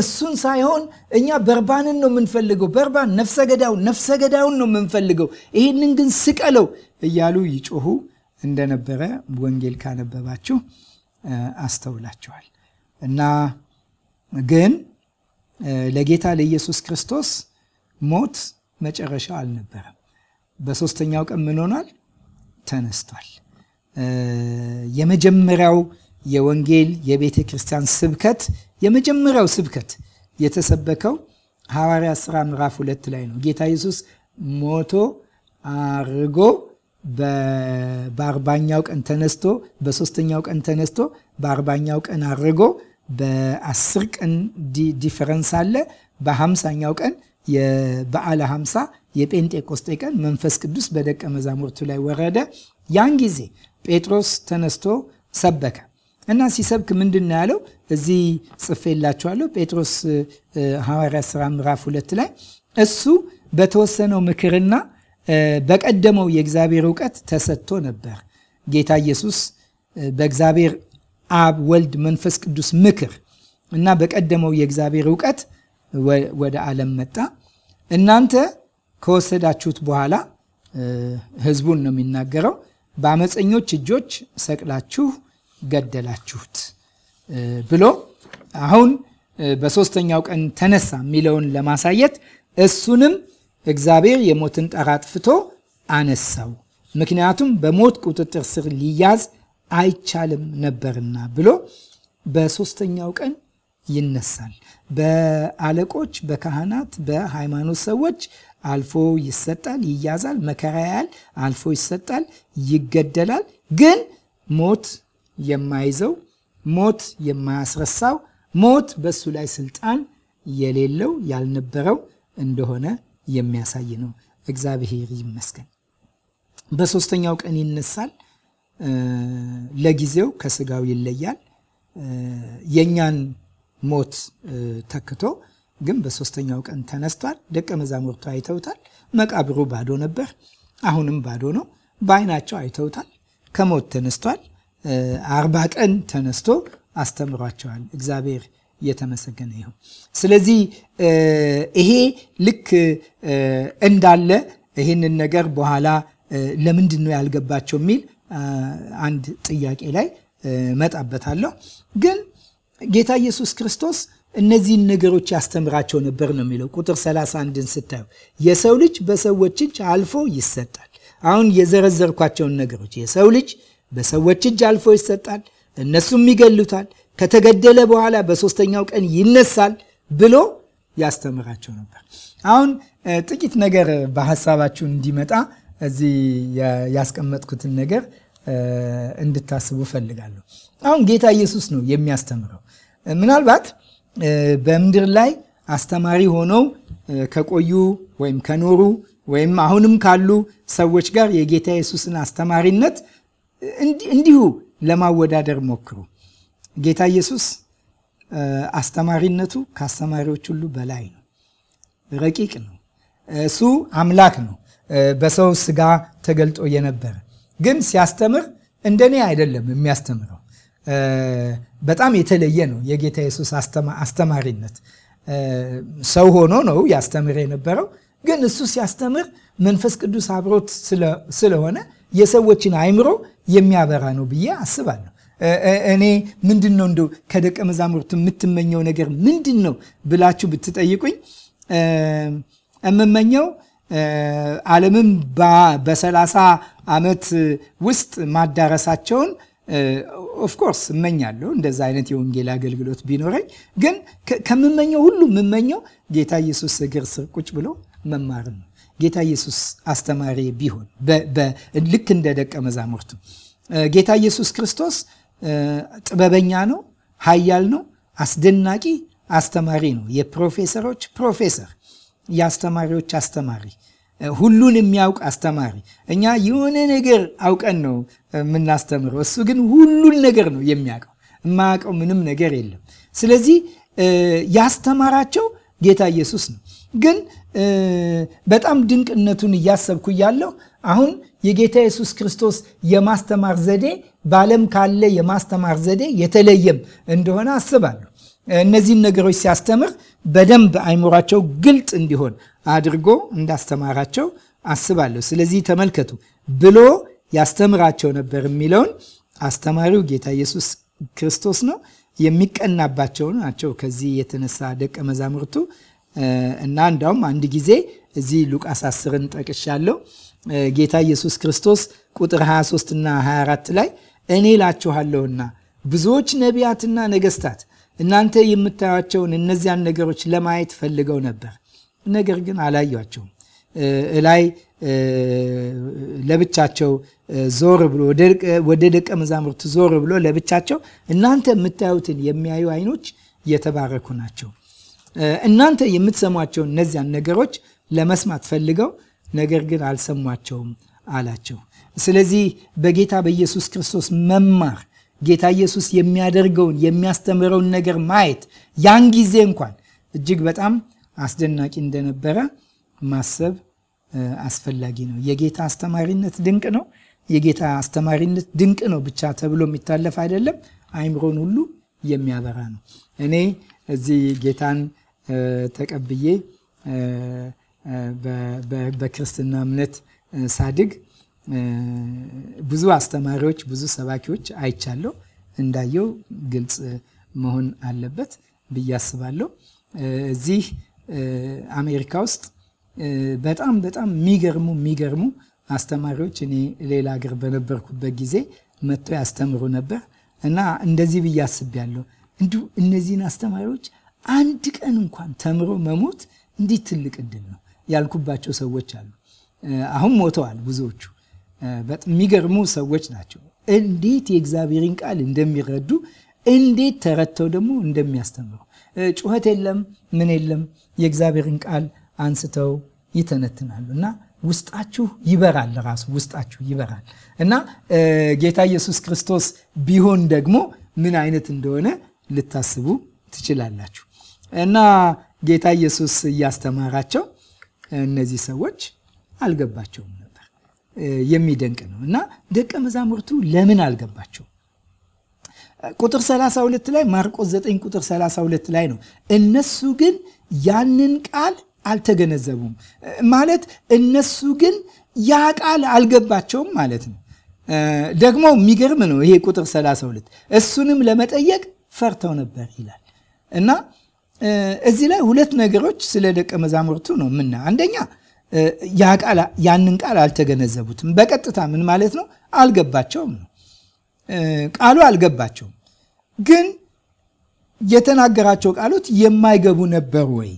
Speaker 1: እሱን ሳይሆን እኛ በርባንን ነው የምንፈልገው። በርባን ነፍሰ ገዳዩን፣ ነፍሰ ገዳዩን ነው የምንፈልገው። ይህንን ግን ስቀለው እያሉ ይጮሁ እንደነበረ ወንጌል ካነበባችሁ አስተውላችኋል። እና ግን ለጌታ ለኢየሱስ ክርስቶስ ሞት መጨረሻው አልነበረም። በሶስተኛው ቀን ምን ሆኗል? ተነስቷል። የመጀመሪያው የወንጌል የቤተ ክርስቲያን ስብከት የመጀመሪያው ስብከት የተሰበከው ሐዋርያ ሥራ ምዕራፍ ሁለት ላይ ነው። ጌታ ኢየሱስ ሞቶ አርጎ በአርባኛው ቀን ተነስቶ በሶስተኛው ቀን ተነስቶ በአርባኛው ቀን አርጎ በአስር ቀን ዲፈረንስ አለ። በሀምሳኛው ቀን የበዓለ ሀምሳ የጴንጤቆስጤ ቀን መንፈስ ቅዱስ በደቀ መዛሙርቱ ላይ ወረደ። ያን ጊዜ ጴጥሮስ ተነስቶ ሰበከ እና ሲሰብክ ምንድን ነው ያለው? እዚህ ጽፌላችኋለሁ። ጴጥሮስ ሐዋርያ ሥራ ምዕራፍ ሁለት ላይ እሱ በተወሰነው ምክርና በቀደመው የእግዚአብሔር እውቀት ተሰጥቶ ነበር። ጌታ ኢየሱስ በእግዚአብሔር አብ፣ ወልድ፣ መንፈስ ቅዱስ ምክር እና በቀደመው የእግዚአብሔር እውቀት ወደ ዓለም መጣ። እናንተ ከወሰዳችሁት በኋላ ህዝቡን ነው የሚናገረው በአመፀኞች እጆች ሰቅላችሁ ገደላችሁት ብሎ አሁን በሶስተኛው ቀን ተነሳ የሚለውን ለማሳየት እሱንም እግዚአብሔር የሞትን ጠራጥፍቶ አነሳው፣ ምክንያቱም በሞት ቁጥጥር ስር ሊያዝ አይቻልም ነበርና ብሎ በሶስተኛው ቀን ይነሳል። በአለቆች፣ በካህናት፣ በሃይማኖት ሰዎች አልፎ ይሰጣል፣ ይያዛል፣ መከራ ያያል፣ አልፎ ይሰጣል፣ ይገደላል። ግን ሞት የማይዘው ሞት የማያስረሳው ሞት በእሱ ላይ ስልጣን የሌለው ያልነበረው እንደሆነ የሚያሳይ ነው። እግዚአብሔር ይመስገን። በሶስተኛው ቀን ይነሳል። ለጊዜው ከስጋው ይለያል የእኛን ሞት ተክቶ ግን በሶስተኛው ቀን ተነስቷል። ደቀ መዛሙርቱ አይተውታል። መቃብሩ ባዶ ነበር፣ አሁንም ባዶ ነው። በአይናቸው አይተውታል። ከሞት ተነስቷል። አርባ ቀን ተነስቶ አስተምሯቸዋል። እግዚአብሔር እየተመሰገነ ይሁን። ስለዚህ ይሄ ልክ እንዳለ ይህንን ነገር በኋላ ለምንድን ነው ያልገባቸው የሚል አንድ ጥያቄ ላይ መጣበታለሁ። ግን ጌታ ኢየሱስ ክርስቶስ እነዚህን ነገሮች ያስተምራቸው ነበር ነው የሚለው ቁጥር 31ን ስታዩ የሰው ልጅ በሰዎች እጅ አልፎ ይሰጣል። አሁን የዘረዘርኳቸውን ነገሮች የሰው ልጅ በሰዎች እጅ አልፎ ይሰጣል፣ እነሱም ይገሉታል፣ ከተገደለ በኋላ በሶስተኛው ቀን ይነሳል ብሎ ያስተምራቸው ነበር። አሁን ጥቂት ነገር በሀሳባችሁ እንዲመጣ እዚህ ያስቀመጥኩትን ነገር እንድታስቡ ፈልጋለሁ። አሁን ጌታ ኢየሱስ ነው የሚያስተምረው ምናልባት በምድር ላይ አስተማሪ ሆነው ከቆዩ ወይም ከኖሩ ወይም አሁንም ካሉ ሰዎች ጋር የጌታ ኢየሱስን አስተማሪነት እንዲሁ ለማወዳደር ሞክሩ። ጌታ ኢየሱስ አስተማሪነቱ ከአስተማሪዎች ሁሉ በላይ ነው። ረቂቅ ነው። እሱ አምላክ ነው። በሰው ስጋ ተገልጦ የነበረ ግን ሲያስተምር እንደኔ አይደለም የሚያስተምረው በጣም የተለየ ነው። የጌታ ኢየሱስ አስተማሪነት ሰው ሆኖ ነው ያስተምር የነበረው። ግን እሱ ሲያስተምር መንፈስ ቅዱስ አብሮት ስለሆነ የሰዎችን አይምሮ የሚያበራ ነው ብዬ አስባለሁ። እኔ ምንድን ነው እንደው ከደቀ መዛሙርቱ የምትመኘው ነገር ምንድን ነው ብላችሁ ብትጠይቁኝ የምመኘው ዓለምም በሰላሳ ዓመት ውስጥ ማዳረሳቸውን ኦፍኮርስ እመኛለሁ እንደዛ አይነት የወንጌል አገልግሎት ቢኖረኝ። ግን ከምመኘው ሁሉ የምመኘው ጌታ ኢየሱስ እግር ስር ቁጭ ብሎ መማር ነው። ጌታ ኢየሱስ አስተማሪ ቢሆን ልክ እንደ ደቀ መዛሙርቱ። ጌታ ኢየሱስ ክርስቶስ ጥበበኛ ነው፣ ኃያል ነው፣ አስደናቂ አስተማሪ ነው። የፕሮፌሰሮች ፕሮፌሰር፣ የአስተማሪዎች አስተማሪ ሁሉን የሚያውቅ አስተማሪ። እኛ የሆነ ነገር አውቀን ነው የምናስተምረው። እሱ ግን ሁሉን ነገር ነው የሚያውቀው። የማያውቀው ምንም ነገር የለም። ስለዚህ ያስተማራቸው ጌታ ኢየሱስ ነው። ግን በጣም ድንቅነቱን እያሰብኩ ያለው አሁን የጌታ ኢየሱስ ክርስቶስ የማስተማር ዘዴ በዓለም ካለ የማስተማር ዘዴ የተለየም እንደሆነ አስባለሁ። እነዚህን ነገሮች ሲያስተምር በደንብ አይምሯቸው ግልጥ እንዲሆን አድርጎ እንዳስተማራቸው አስባለሁ። ስለዚህ ተመልከቱ ብሎ ያስተምራቸው ነበር የሚለውን አስተማሪው ጌታ ኢየሱስ ክርስቶስ ነው። የሚቀናባቸው ናቸው። ከዚህ የተነሳ ደቀ መዛሙርቱ እና እንዳውም አንድ ጊዜ እዚህ ሉቃስ አስርን ን ጠቅሻለሁ። ጌታ ኢየሱስ ክርስቶስ ቁጥር 23 እና 24 ላይ እኔ ላችኋለሁና ብዙዎች ነቢያትና ነገስታት እናንተ የምታያቸውን እነዚያን ነገሮች ለማየት ፈልገው ነበር፣ ነገር ግን አላያቸውም። እላይ ለብቻቸው ዞር ብሎ ወደ ደቀ መዛሙርት ዞር ብሎ ለብቻቸው እናንተ የምታዩትን የሚያዩ አይኖች የተባረኩ ናቸው። እናንተ የምትሰሟቸውን እነዚያን ነገሮች ለመስማት ፈልገው ነገር ግን አልሰሟቸውም አላቸው። ስለዚህ በጌታ በኢየሱስ ክርስቶስ መማር ጌታ ኢየሱስ የሚያደርገውን የሚያስተምረውን ነገር ማየት ያን ጊዜ እንኳን እጅግ በጣም አስደናቂ እንደነበረ ማሰብ አስፈላጊ ነው። የጌታ አስተማሪነት ድንቅ ነው። የጌታ አስተማሪነት ድንቅ ነው ብቻ ተብሎ የሚታለፍ አይደለም። አይምሮን ሁሉ የሚያበራ ነው። እኔ እዚህ ጌታን ተቀብዬ በክርስትና እምነት ሳድግ ብዙ አስተማሪዎች፣ ብዙ ሰባኪዎች አይቻለሁ። እንዳየው ግልጽ መሆን አለበት ብዬ አስባለሁ። እዚህ አሜሪካ ውስጥ በጣም በጣም የሚገርሙ የሚገርሙ አስተማሪዎች እኔ ሌላ ሀገር በነበርኩበት ጊዜ መጥቶ ያስተምሩ ነበር እና እንደዚህ ብዬ አስቤያለሁ። እንዲሁ እነዚህን አስተማሪዎች አንድ ቀን እንኳን ተምሮ መሞት እንዲህ ትልቅ እድል ነው ያልኩባቸው ሰዎች አሉ። አሁን ሞተዋል ብዙዎቹ የሚገርሙ ሰዎች ናቸው። እንዴት የእግዚአብሔርን ቃል እንደሚረዱ እንዴት ተረድተው ደግሞ እንደሚያስተምሩ ጩኸት የለም ምን የለም የእግዚአብሔርን ቃል አንስተው ይተነትናሉ እና ውስጣችሁ ይበራል። ራሱ ውስጣችሁ ይበራል እና ጌታ ኢየሱስ ክርስቶስ ቢሆን ደግሞ ምን አይነት እንደሆነ ልታስቡ ትችላላችሁ። እና ጌታ ኢየሱስ እያስተማራቸው እነዚህ ሰዎች አልገባቸውም። የሚደንቅ ነው እና ደቀ መዛሙርቱ ለምን አልገባቸው? ቁጥር 32 ላይ ማርቆስ 9 ቁጥር 32 ላይ ነው። እነሱ ግን ያንን ቃል አልተገነዘቡም ማለት እነሱ ግን ያ ቃል አልገባቸውም ማለት ነው። ደግሞ የሚገርም ነው ይሄ ቁጥር 32 እሱንም ለመጠየቅ ፈርተው ነበር ይላል እና እዚህ ላይ ሁለት ነገሮች ስለ ደቀ መዛሙርቱ ነው ምና አንደኛ ያንን ቃል አልተገነዘቡትም። በቀጥታ ምን ማለት ነው አልገባቸውም ነው ቃሉ አልገባቸውም። ግን የተናገራቸው ቃሎት የማይገቡ ነበሩ ወይ?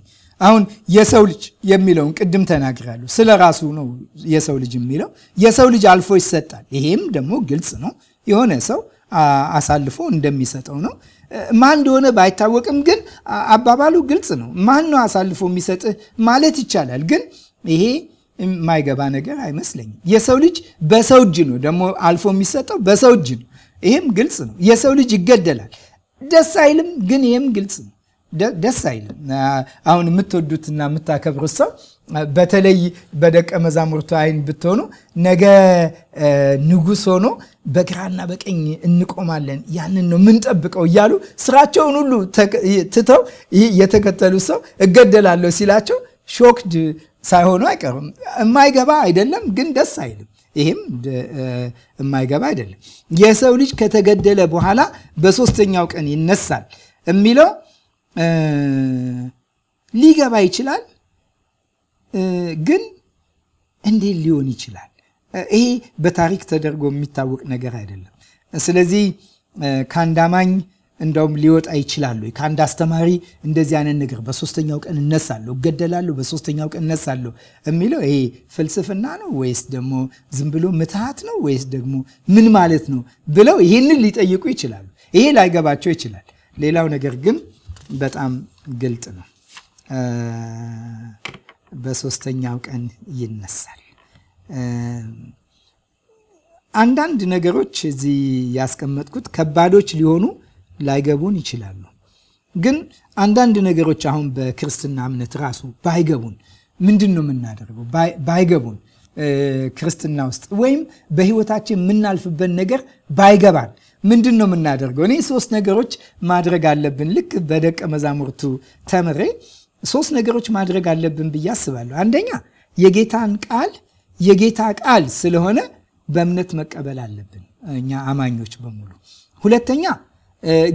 Speaker 1: አሁን የሰው ልጅ የሚለውን ቅድም ተናግራሉ ስለ ራሱ ነው የሰው ልጅ የሚለው። የሰው ልጅ አልፎ ይሰጣል። ይሄም ደግሞ ግልጽ ነው። የሆነ ሰው አሳልፎ እንደሚሰጠው ነው። ማን እንደሆነ ባይታወቅም ግን አባባሉ ግልጽ ነው። ማን ነው አሳልፎ የሚሰጥህ ማለት ይቻላል ግን ይሄ የማይገባ ነገር አይመስለኝም። የሰው ልጅ በሰው እጅ ነው ደግሞ አልፎ የሚሰጠው በሰው እጅ ነው። ይህም ግልጽ ነው። የሰው ልጅ ይገደላል። ደስ አይልም፣ ግን ይህም ግልጽ ነው። ደስ አይልም። አሁን የምትወዱትና የምታከብሩት ሰው በተለይ በደቀ መዛሙርቱ አይን ብትሆኑ ነገ ንጉሥ ሆኖ በግራና በቀኝ እንቆማለን ያንን ነው የምንጠብቀው እያሉ ስራቸውን ሁሉ ትተው የተከተሉት ሰው እገደላለሁ ሲላቸው ሾክድ ሳይሆኑ አይቀርም። የማይገባ አይደለም ግን ደስ አይልም። ይህም የማይገባ አይደለም። የሰው ልጅ ከተገደለ በኋላ በሶስተኛው ቀን ይነሳል የሚለው ሊገባ ይችላል፣ ግን እንዴት ሊሆን ይችላል? ይሄ በታሪክ ተደርጎ የሚታወቅ ነገር አይደለም። ስለዚህ ከአንዳማኝ እንዳውም ሊወጣ ይችላሉ። ከአንድ አስተማሪ እንደዚህ አይነት ነገር በሶስተኛው ቀን እነሳለሁ፣ እገደላለሁ፣ በሶስተኛው ቀን እነሳለሁ የሚለው ይሄ ፍልስፍና ነው ወይስ ደግሞ ዝም ብሎ ምትሃት ነው ወይስ ደግሞ ምን ማለት ነው ብለው ይህንን ሊጠይቁ ይችላሉ። ይሄ ላይገባቸው ይችላል። ሌላው ነገር ግን በጣም ግልጥ ነው። በሶስተኛው ቀን ይነሳል። አንዳንድ ነገሮች እዚህ ያስቀመጥኩት ከባዶች ሊሆኑ ላይገቡን ይችላሉ። ግን አንዳንድ ነገሮች አሁን በክርስትና እምነት ራሱ ባይገቡን ምንድን ነው የምናደርገው? ባይገቡን ክርስትና ውስጥ ወይም በህይወታችን የምናልፍበት ነገር ባይገባን ምንድን ነው የምናደርገው? እኔ ሶስት ነገሮች ማድረግ አለብን። ልክ በደቀ መዛሙርቱ ተምሬ ሶስት ነገሮች ማድረግ አለብን ብዬ አስባለሁ። አንደኛ የጌታን ቃል የጌታ ቃል ስለሆነ በእምነት መቀበል አለብን እኛ አማኞች በሙሉ። ሁለተኛ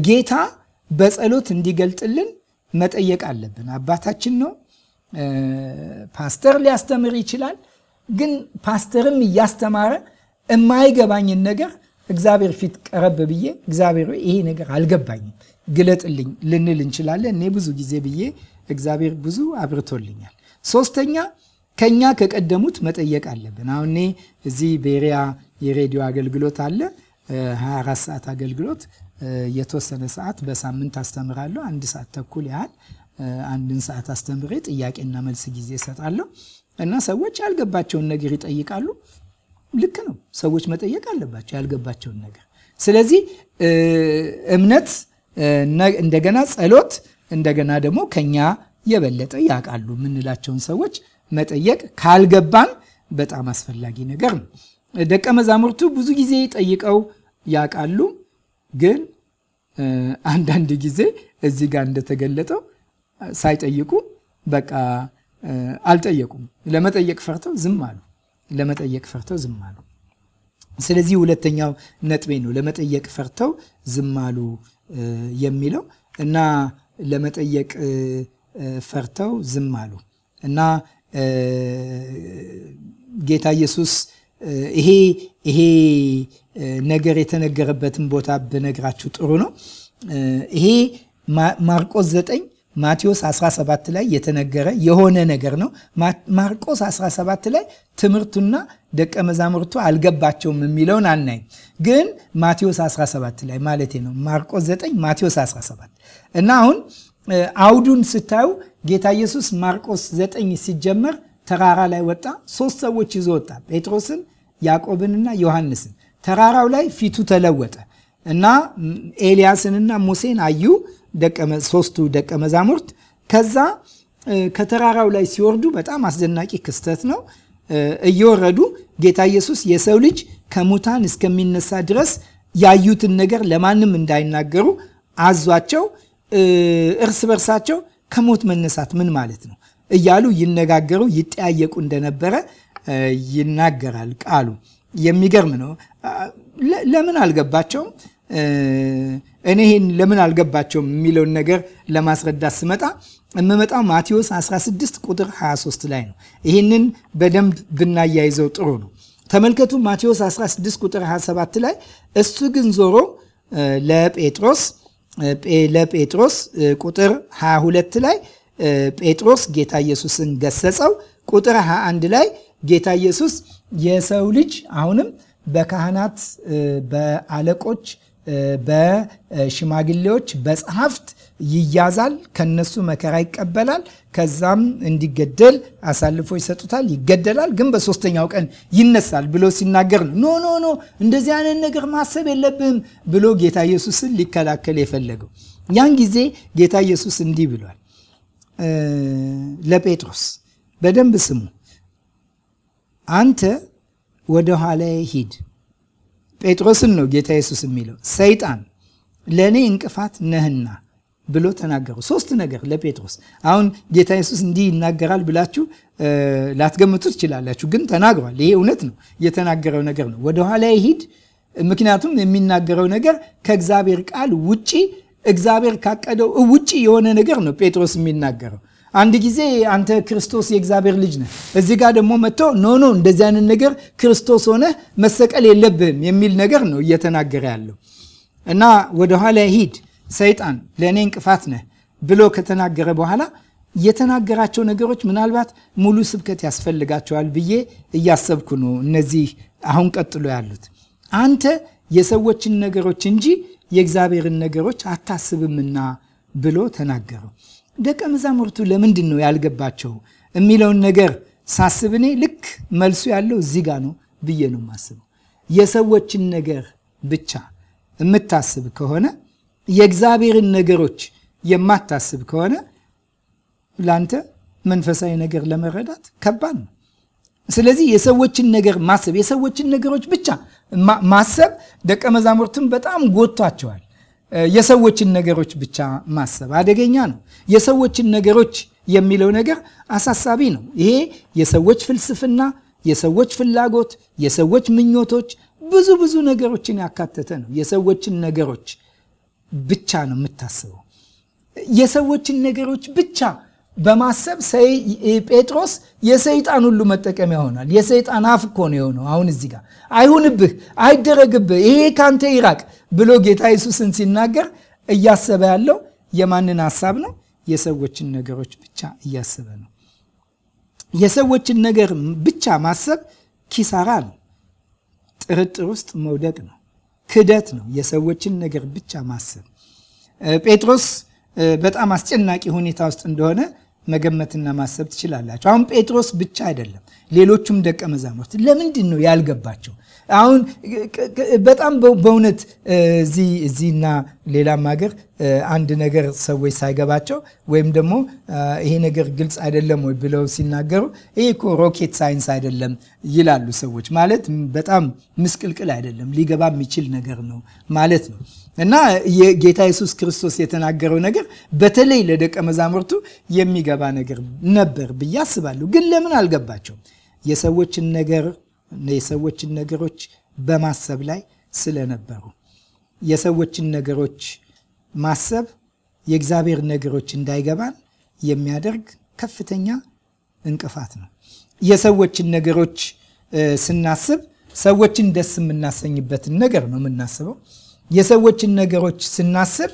Speaker 1: ጌታ በጸሎት እንዲገልጥልን መጠየቅ አለብን። አባታችን ነው። ፓስተር ሊያስተምር ይችላል። ግን ፓስተርም እያስተማረ የማይገባኝን ነገር እግዚአብሔር ፊት ቀረብ ብዬ እግዚአብሔር ይሄ ነገር አልገባኝም ግለጥልኝ ልንል እንችላለን። እኔ ብዙ ጊዜ ብዬ እግዚአብሔር ብዙ አብርቶልኛል። ሶስተኛ ከኛ ከቀደሙት መጠየቅ አለብን። አሁን እኔ እዚህ ቤሪያ የሬዲዮ አገልግሎት አለ 24 ሰዓት አገልግሎት የተወሰነ ሰዓት በሳምንት አስተምራለሁ። አንድ ሰዓት ተኩል ያህል አንድን ሰዓት አስተምሬ ጥያቄና መልስ ጊዜ እሰጣለሁ እና ሰዎች ያልገባቸውን ነገር ይጠይቃሉ። ልክ ነው። ሰዎች መጠየቅ አለባቸው ያልገባቸውን ነገር። ስለዚህ እምነት፣ እንደገና ጸሎት፣ እንደገና ደግሞ ከኛ የበለጠ ያውቃሉ የምንላቸውን ሰዎች መጠየቅ ካልገባን በጣም አስፈላጊ ነገር ነው። ደቀ መዛሙርቱ ብዙ ጊዜ ጠይቀው ያውቃሉ። ግን አንዳንድ ጊዜ እዚህ ጋር እንደተገለጠው ሳይጠይቁ በቃ አልጠየቁም። ለመጠየቅ ፈርተው ዝም አሉ። ለመጠየቅ ፈርተው ዝም አሉ። ስለዚህ ሁለተኛው ነጥቤ ነው ለመጠየቅ ፈርተው ዝም አሉ የሚለው እና ለመጠየቅ ፈርተው ዝም አሉ እና ጌታ ኢየሱስ ይሄ ይሄ ነገር የተነገረበትን ቦታ ብነግራችሁ ጥሩ ነው። ይሄ ማርቆስ 9 ማቴዎስ 17 ላይ የተነገረ የሆነ ነገር ነው። ማርቆስ 17 ላይ ትምህርቱና ደቀ መዛሙርቱ አልገባቸውም የሚለውን አናይም። ግን ማቴዎስ 17 ላይ ማለት ነው ማርቆስ 9 ማቴዎስ 17 እና አሁን አውዱን ስታዩ ጌታ ኢየሱስ ማርቆስ 9 ሲጀመር ተራራ ላይ ወጣ። ሶስት ሰዎች ይዞ ወጣ፣ ጴጥሮስን፣ ያዕቆብንና ዮሐንስን። ተራራው ላይ ፊቱ ተለወጠ እና ኤልያስንና ሙሴን አዩ ሶስቱ ደቀ መዛሙርት። ከዛ ከተራራው ላይ ሲወርዱ በጣም አስደናቂ ክስተት ነው። እየወረዱ ጌታ ኢየሱስ የሰው ልጅ ከሙታን እስከሚነሳ ድረስ ያዩትን ነገር ለማንም እንዳይናገሩ አዟቸው እርስ በርሳቸው ከሞት መነሳት ምን ማለት ነው እያሉ ይነጋገሩ ይጠያየቁ እንደነበረ ይናገራል ቃሉ። የሚገርም ነው። ለምን አልገባቸውም? እኔ ይህን ለምን አልገባቸውም የሚለውን ነገር ለማስረዳት ስመጣ የምመጣው ማቴዎስ 16 ቁጥር 23 ላይ ነው። ይህንን በደንብ ብናያይዘው ጥሩ ነው። ተመልከቱ ማቴዎስ 16 ቁጥር 27 ላይ እሱ ግን ዞሮ ለጴጥሮስ ለጴጥሮስ ቁጥር 22 ላይ ጴጥሮስ ጌታ ኢየሱስን ገሰጸው። ቁጥር 21 ላይ ጌታ ኢየሱስ የሰው ልጅ አሁንም በካህናት፣ በአለቆች፣ በሽማግሌዎች፣ በጸሐፍት ይያዛል። ከነሱ መከራ ይቀበላል። ከዛም እንዲገደል አሳልፎ ይሰጡታል። ይገደላል፣ ግን በሶስተኛው ቀን ይነሳል ብሎ ሲናገር ነው። ኖ ኖ ኖ እንደዚህ አይነት ነገር ማሰብ የለብህም ብሎ ጌታ ኢየሱስን ሊከላከል የፈለገው ያን ጊዜ ጌታ ኢየሱስ እንዲህ ብሏል ለጴጥሮስ በደንብ ስሙ። አንተ ወደ ኋላ ሂድ። ጴጥሮስን ነው ጌታ ኢየሱስ የሚለው። ሰይጣን ለእኔ እንቅፋት ነህና ብሎ ተናገሩ። ሶስት ነገር ለጴጥሮስ። አሁን ጌታ ኢየሱስ እንዲህ ይናገራል ብላችሁ ላትገምቱ ትችላላችሁ፣ ግን ተናግሯል። ይሄ እውነት ነው፣ የተናገረው ነገር ነው። ወደኋላ ሂድ። ምክንያቱም የሚናገረው ነገር ከእግዚአብሔር ቃል ውጪ፣ እግዚአብሔር ካቀደው ውጪ የሆነ ነገር ነው ጴጥሮስ የሚናገረው። አንድ ጊዜ አንተ ክርስቶስ የእግዚአብሔር ልጅ ነህ፣ እዚህ ጋር ደግሞ መጥቶ ኖ ኖ እንደዚህ አይነት ነገር ክርስቶስ ሆነ መሰቀል የለብህም የሚል ነገር ነው እየተናገረ ያለው እና ወደኋላ ሂድ ሰይጣን ለእኔ እንቅፋት ነህ ብሎ ከተናገረ በኋላ የተናገራቸው ነገሮች ምናልባት ሙሉ ስብከት ያስፈልጋቸዋል ብዬ እያሰብኩ ነው። እነዚህ አሁን ቀጥሎ ያሉት አንተ የሰዎችን ነገሮች እንጂ የእግዚአብሔርን ነገሮች አታስብምና ብሎ ተናገረው። ደቀ መዛሙርቱ ለምንድን ነው ያልገባቸው የሚለውን ነገር ሳስብ እኔ ልክ መልሱ ያለው እዚህ ጋ ነው ብዬ ነው የማስበው። የሰዎችን ነገር ብቻ የምታስብ ከሆነ የእግዚአብሔርን ነገሮች የማታስብ ከሆነ ለአንተ መንፈሳዊ ነገር ለመረዳት ከባድ ነው። ስለዚህ የሰዎችን ነገር ማሰብ የሰዎችን ነገሮች ብቻ ማሰብ ደቀ መዛሙርትም በጣም ጎቷቸዋል። የሰዎችን ነገሮች ብቻ ማሰብ አደገኛ ነው። የሰዎችን ነገሮች የሚለው ነገር አሳሳቢ ነው። ይሄ የሰዎች ፍልስፍና፣ የሰዎች ፍላጎት፣ የሰዎች ምኞቶች ብዙ ብዙ ነገሮችን ያካተተ ነው። የሰዎችን ነገሮች ብቻ ነው የምታስበው። የሰዎችን ነገሮች ብቻ በማሰብ ጴጥሮስ የሰይጣን ሁሉ መጠቀሚያ ይሆናል። የሰይጣን አፍ እኮ ነው የሆነው። አሁን እዚህ ጋር አይሁንብህ፣ አይደረግብህ፣ ይሄ ካንተ ይራቅ ብሎ ጌታ ኢየሱስን ሲናገር እያሰበ ያለው የማንን ሀሳብ ነው? የሰዎችን ነገሮች ብቻ እያሰበ ነው። የሰዎችን ነገር ብቻ ማሰብ ኪሳራ ነው፣ ጥርጥር ውስጥ መውደቅ ነው፣ ክደት ነው። የሰዎችን ነገር ብቻ ማሰብ ጴጥሮስ በጣም አስጨናቂ ሁኔታ ውስጥ እንደሆነ መገመትና ማሰብ ትችላላችሁ። አሁን ጴጥሮስ ብቻ አይደለም፣ ሌሎቹም ደቀ መዛሙርት ለምንድን ነው ያልገባቸው? አሁን በጣም በእውነት እዚህ እዚህና ሌላም ሀገር አንድ ነገር ሰዎች ሳይገባቸው ወይም ደግሞ ይሄ ነገር ግልጽ አይደለም ወይ ብለው ሲናገሩ ይሄ እኮ ሮኬት ሳይንስ አይደለም ይላሉ ሰዎች። ማለት በጣም ምስቅልቅል አይደለም ሊገባ የሚችል ነገር ነው ማለት ነው። እና የጌታ ኢየሱስ ክርስቶስ የተናገረው ነገር በተለይ ለደቀ መዛሙርቱ የሚገባ ነገር ነበር ብዬ አስባለሁ። ግን ለምን አልገባቸውም? የሰዎችን ነገር የሰዎችን ነገሮች በማሰብ ላይ ስለነበሩ የሰዎችን ነገሮች ማሰብ የእግዚአብሔር ነገሮች እንዳይገባን የሚያደርግ ከፍተኛ እንቅፋት ነው። የሰዎችን ነገሮች ስናስብ ሰዎችን ደስ የምናሰኝበትን ነገር ነው የምናስበው። የሰዎችን ነገሮች ስናስብ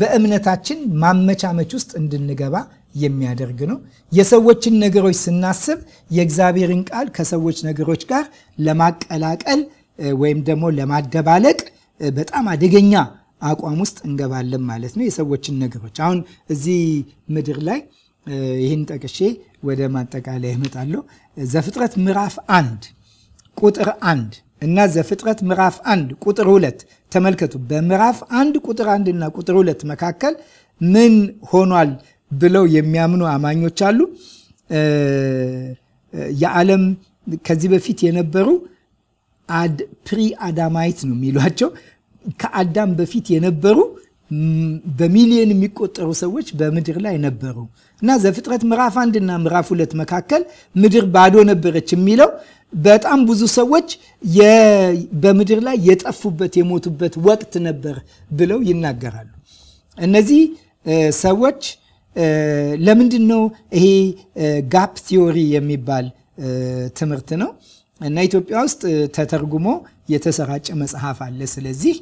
Speaker 1: በእምነታችን ማመቻመች ውስጥ እንድንገባ የሚያደርግ ነው። የሰዎችን ነገሮች ስናስብ የእግዚአብሔርን ቃል ከሰዎች ነገሮች ጋር ለማቀላቀል ወይም ደግሞ ለማደባለቅ በጣም አደገኛ አቋም ውስጥ እንገባለን ማለት ነው። የሰዎችን ነገሮች አሁን እዚህ ምድር ላይ ይህን ጠቅሼ ወደ ማጠቃለያ ይመጣለሁ። ዘፍጥረት ምዕራፍ አንድ ቁጥር አንድ እና ዘፍጥረት ምዕራፍ አንድ ቁጥር ሁለት ተመልከቱ። በምዕራፍ አንድ ቁጥር አንድ እና ቁጥር ሁለት መካከል ምን ሆኗል? ብለው የሚያምኑ አማኞች አሉ። የዓለም ከዚህ በፊት የነበሩ ፕሪ አዳማይት ነው የሚሏቸው ከአዳም በፊት የነበሩ በሚሊዮን የሚቆጠሩ ሰዎች በምድር ላይ ነበሩ እና ዘፍጥረት ምዕራፍ አንድ እና ምዕራፍ ሁለት መካከል ምድር ባዶ ነበረች የሚለው በጣም ብዙ ሰዎች በምድር ላይ የጠፉበት የሞቱበት ወቅት ነበር ብለው ይናገራሉ። እነዚህ ሰዎች ለምንድን ነው ይሄ ጋፕ ቲዮሪ የሚባል ትምህርት ነው እና ኢትዮጵያ ውስጥ ተተርጉሞ የተሰራጨ መጽሐፍ አለ። ስለዚህ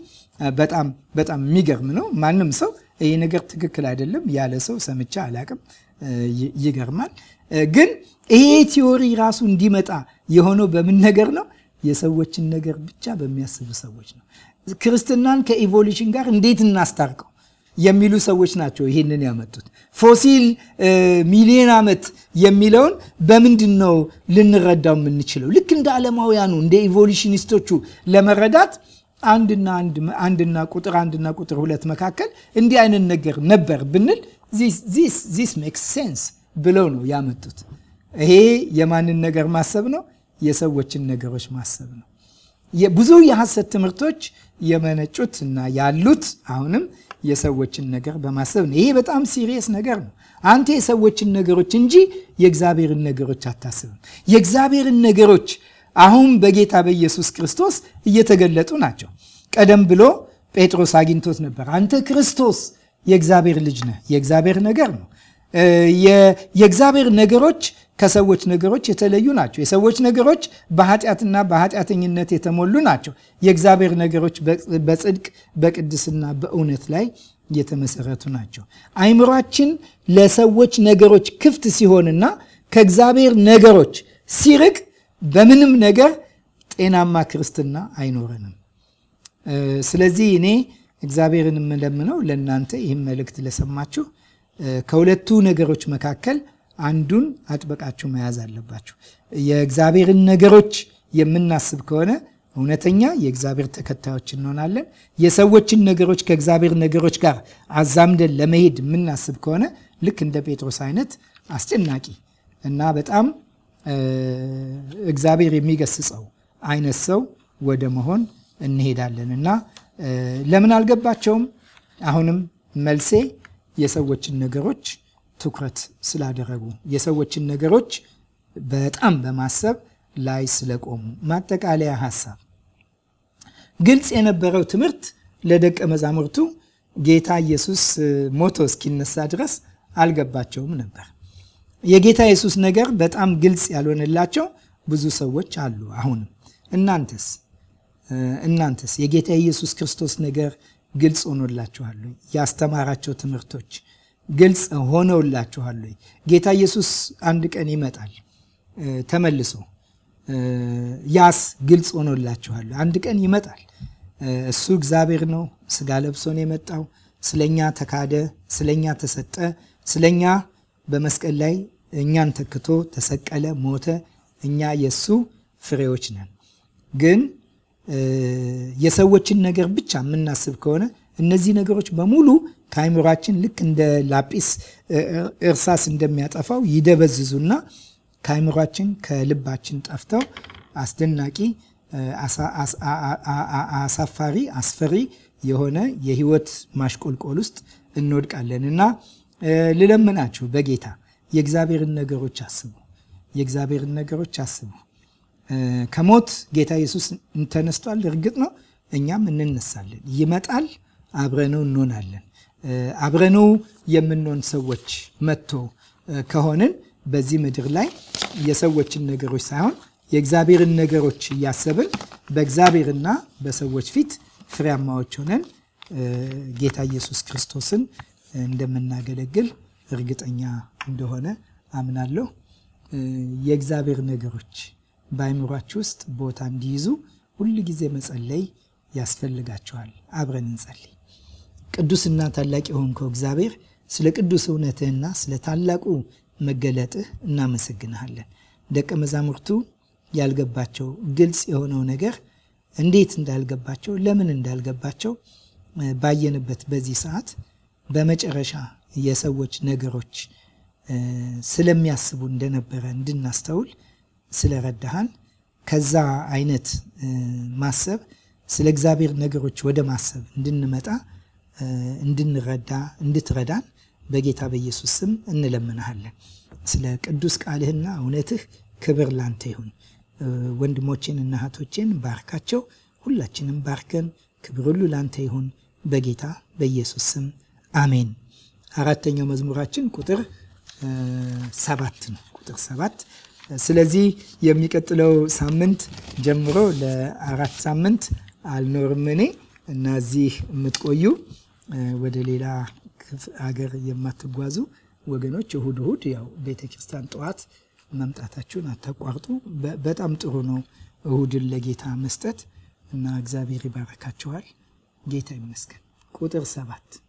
Speaker 1: በጣም በጣም የሚገርም ነው። ማንም ሰው ይሄ ነገር ትክክል አይደለም ያለ ሰው ሰምቼ አላቅም። ይገርማል። ግን ይሄ ቲዮሪ ራሱ እንዲመጣ የሆነው በምን ነገር ነው? የሰዎችን ነገር ብቻ በሚያስቡ ሰዎች ነው። ክርስትናን ከኢቮሉሽን ጋር እንዴት እናስታርቀው? የሚሉ ሰዎች ናቸው ይህንን ያመጡት። ፎሲል ሚሊዮን ዓመት የሚለውን በምንድን ነው ልንረዳው የምንችለው? ልክ እንደ ዓለማውያኑ እንደ ኢቮሉሽኒስቶቹ ለመረዳት አንድና አንድና ቁጥር አንድና ቁጥር ሁለት መካከል እንዲህ አይነት ነገር ነበር ብንል ዚስ ሜክስ ሴንስ ብለው ነው ያመጡት። ይሄ የማንን ነገር ማሰብ ነው? የሰዎችን ነገሮች ማሰብ ነው። ብዙ የሐሰት ትምህርቶች የመነጩት እና ያሉት አሁንም የሰዎችን ነገር በማሰብ ነው። ይሄ በጣም ሲሪየስ ነገር ነው። አንተ የሰዎችን ነገሮች እንጂ የእግዚአብሔርን ነገሮች አታስብም። የእግዚአብሔርን ነገሮች አሁን በጌታ በኢየሱስ ክርስቶስ እየተገለጡ ናቸው። ቀደም ብሎ ጴጥሮስ አግኝቶት ነበር። አንተ ክርስቶስ የእግዚአብሔር ልጅ ነህ። የእግዚአብሔር ነገር ነው። የእግዚአብሔር ነገሮች ከሰዎች ነገሮች የተለዩ ናቸው። የሰዎች ነገሮች በኃጢአትና በኃጢአተኝነት የተሞሉ ናቸው። የእግዚአብሔር ነገሮች በጽድቅ በቅድስና በእውነት ላይ የተመሰረቱ ናቸው። አይምሯችን ለሰዎች ነገሮች ክፍት ሲሆንና ከእግዚአብሔር ነገሮች ሲርቅ በምንም ነገር ጤናማ ክርስትና አይኖረንም። ስለዚህ እኔ እግዚአብሔርን የምለምነው ለእናንተ ይህም መልእክት ለሰማችሁ ከሁለቱ ነገሮች መካከል አንዱን አጥብቃችሁ መያዝ አለባችሁ። የእግዚአብሔርን ነገሮች የምናስብ ከሆነ እውነተኛ የእግዚአብሔር ተከታዮች እንሆናለን። የሰዎችን ነገሮች ከእግዚአብሔር ነገሮች ጋር አዛምደን ለመሄድ የምናስብ ከሆነ ልክ እንደ ጴጥሮስ አይነት አስጨናቂ እና በጣም እግዚአብሔር የሚገስጸው አይነት ሰው ወደ መሆን እንሄዳለን እና ለምን አልገባቸውም? አሁንም መልሴ የሰዎችን ነገሮች ትኩረት ስላደረጉ የሰዎችን ነገሮች በጣም በማሰብ ላይ ስለቆሙ። ማጠቃለያ ሀሳብ ግልጽ የነበረው ትምህርት ለደቀ መዛሙርቱ ጌታ ኢየሱስ ሞቶ እስኪነሳ ድረስ አልገባቸውም ነበር። የጌታ ኢየሱስ ነገር በጣም ግልጽ ያልሆነላቸው ብዙ ሰዎች አሉ። አሁንም እናንተስ እናንተስ የጌታ ኢየሱስ ክርስቶስ ነገር ግልጽ ሆኖላችኋል? ያስተማራቸው ትምህርቶች ግልጽ ሆነውላችኋል። ጌታ ኢየሱስ አንድ ቀን ይመጣል ተመልሶ። ያስ ግልጽ ሆኖላችኋል። አንድ ቀን ይመጣል። እሱ እግዚአብሔር ነው። ስጋ ለብሶ ነው የመጣው። ስለኛ ተካደ፣ ስለኛ ተሰጠ፣ ስለኛ በመስቀል ላይ እኛን ተክቶ ተሰቀለ፣ ሞተ። እኛ የእሱ ፍሬዎች ነን። ግን የሰዎችን ነገር ብቻ የምናስብ ከሆነ እነዚህ ነገሮች በሙሉ ከአይምሯችን ልክ እንደ ላጲስ እርሳስ እንደሚያጠፋው ይደበዝዙና ከአይምሯችን ከልባችን ጠፍተው አስደናቂ፣ አሳፋሪ፣ አስፈሪ የሆነ የህይወት ማሽቆልቆል ውስጥ እንወድቃለን እና ልለምናችሁ በጌታ የእግዚአብሔርን ነገሮች አስቡ። የእግዚአብሔርን ነገሮች አስቡ። ከሞት ጌታ ኢየሱስ ተነስቷል። እርግጥ ነው እኛም እንነሳለን። ይመጣል አብረነው እንሆናለን። አብረነው የምንሆን ሰዎች መጥቶ ከሆንን በዚህ ምድር ላይ የሰዎችን ነገሮች ሳይሆን የእግዚአብሔርን ነገሮች እያሰብን በእግዚአብሔርና በሰዎች ፊት ፍሬያማዎች ሆነን ጌታ ኢየሱስ ክርስቶስን እንደምናገለግል እርግጠኛ እንደሆነ አምናለሁ። የእግዚአብሔር ነገሮች በአይምሯችሁ ውስጥ ቦታ እንዲይዙ ሁል ጊዜ መጸለይ ያስፈልጋቸዋል አብረን እንጸልይ። ቅዱስና ታላቅ የሆንከው እግዚአብሔር ስለ ቅዱስ እውነትህና ስለ ታላቁ መገለጥህ እናመሰግንሃለን። ደቀ መዛሙርቱ ያልገባቸው ግልጽ የሆነው ነገር እንዴት እንዳልገባቸው ለምን እንዳልገባቸው ባየንበት በዚህ ሰዓት በመጨረሻ የሰዎች ነገሮች ስለሚያስቡ እንደነበረ እንድናስተውል ስለረዳሃን ከዛ አይነት ማሰብ ስለ እግዚአብሔር ነገሮች ወደ ማሰብ እንድንመጣ እንድንረዳ እንድትረዳን በጌታ በኢየሱስ ስም እንለምናሃለን። ስለ ቅዱስ ቃልህና እውነትህ ክብር ላንተ ይሁን። ወንድሞቼን እና እህቶቼን ባርካቸው፣ ሁላችንም ባርከን። ክብር ሁሉ ላንተ ይሁን በጌታ በኢየሱስ ስም አሜን። አራተኛው መዝሙራችን ቁጥር ሰባት ነው። ቁጥር ሰባት ስለዚህ የሚቀጥለው ሳምንት ጀምሮ ለአራት ሳምንት አልኖርም እኔ እና እዚህ የምትቆዩ ወደ ሌላ ሀገር የማትጓዙ ወገኖች እሁድ እሁድ ያው ቤተ ክርስቲያን ጠዋት መምጣታችሁን አታቋርጡ። በጣም ጥሩ ነው እሁድን ለጌታ መስጠት እና እግዚአብሔር ይባረካችኋል። ጌታ ይመስገን። ቁጥር ሰባት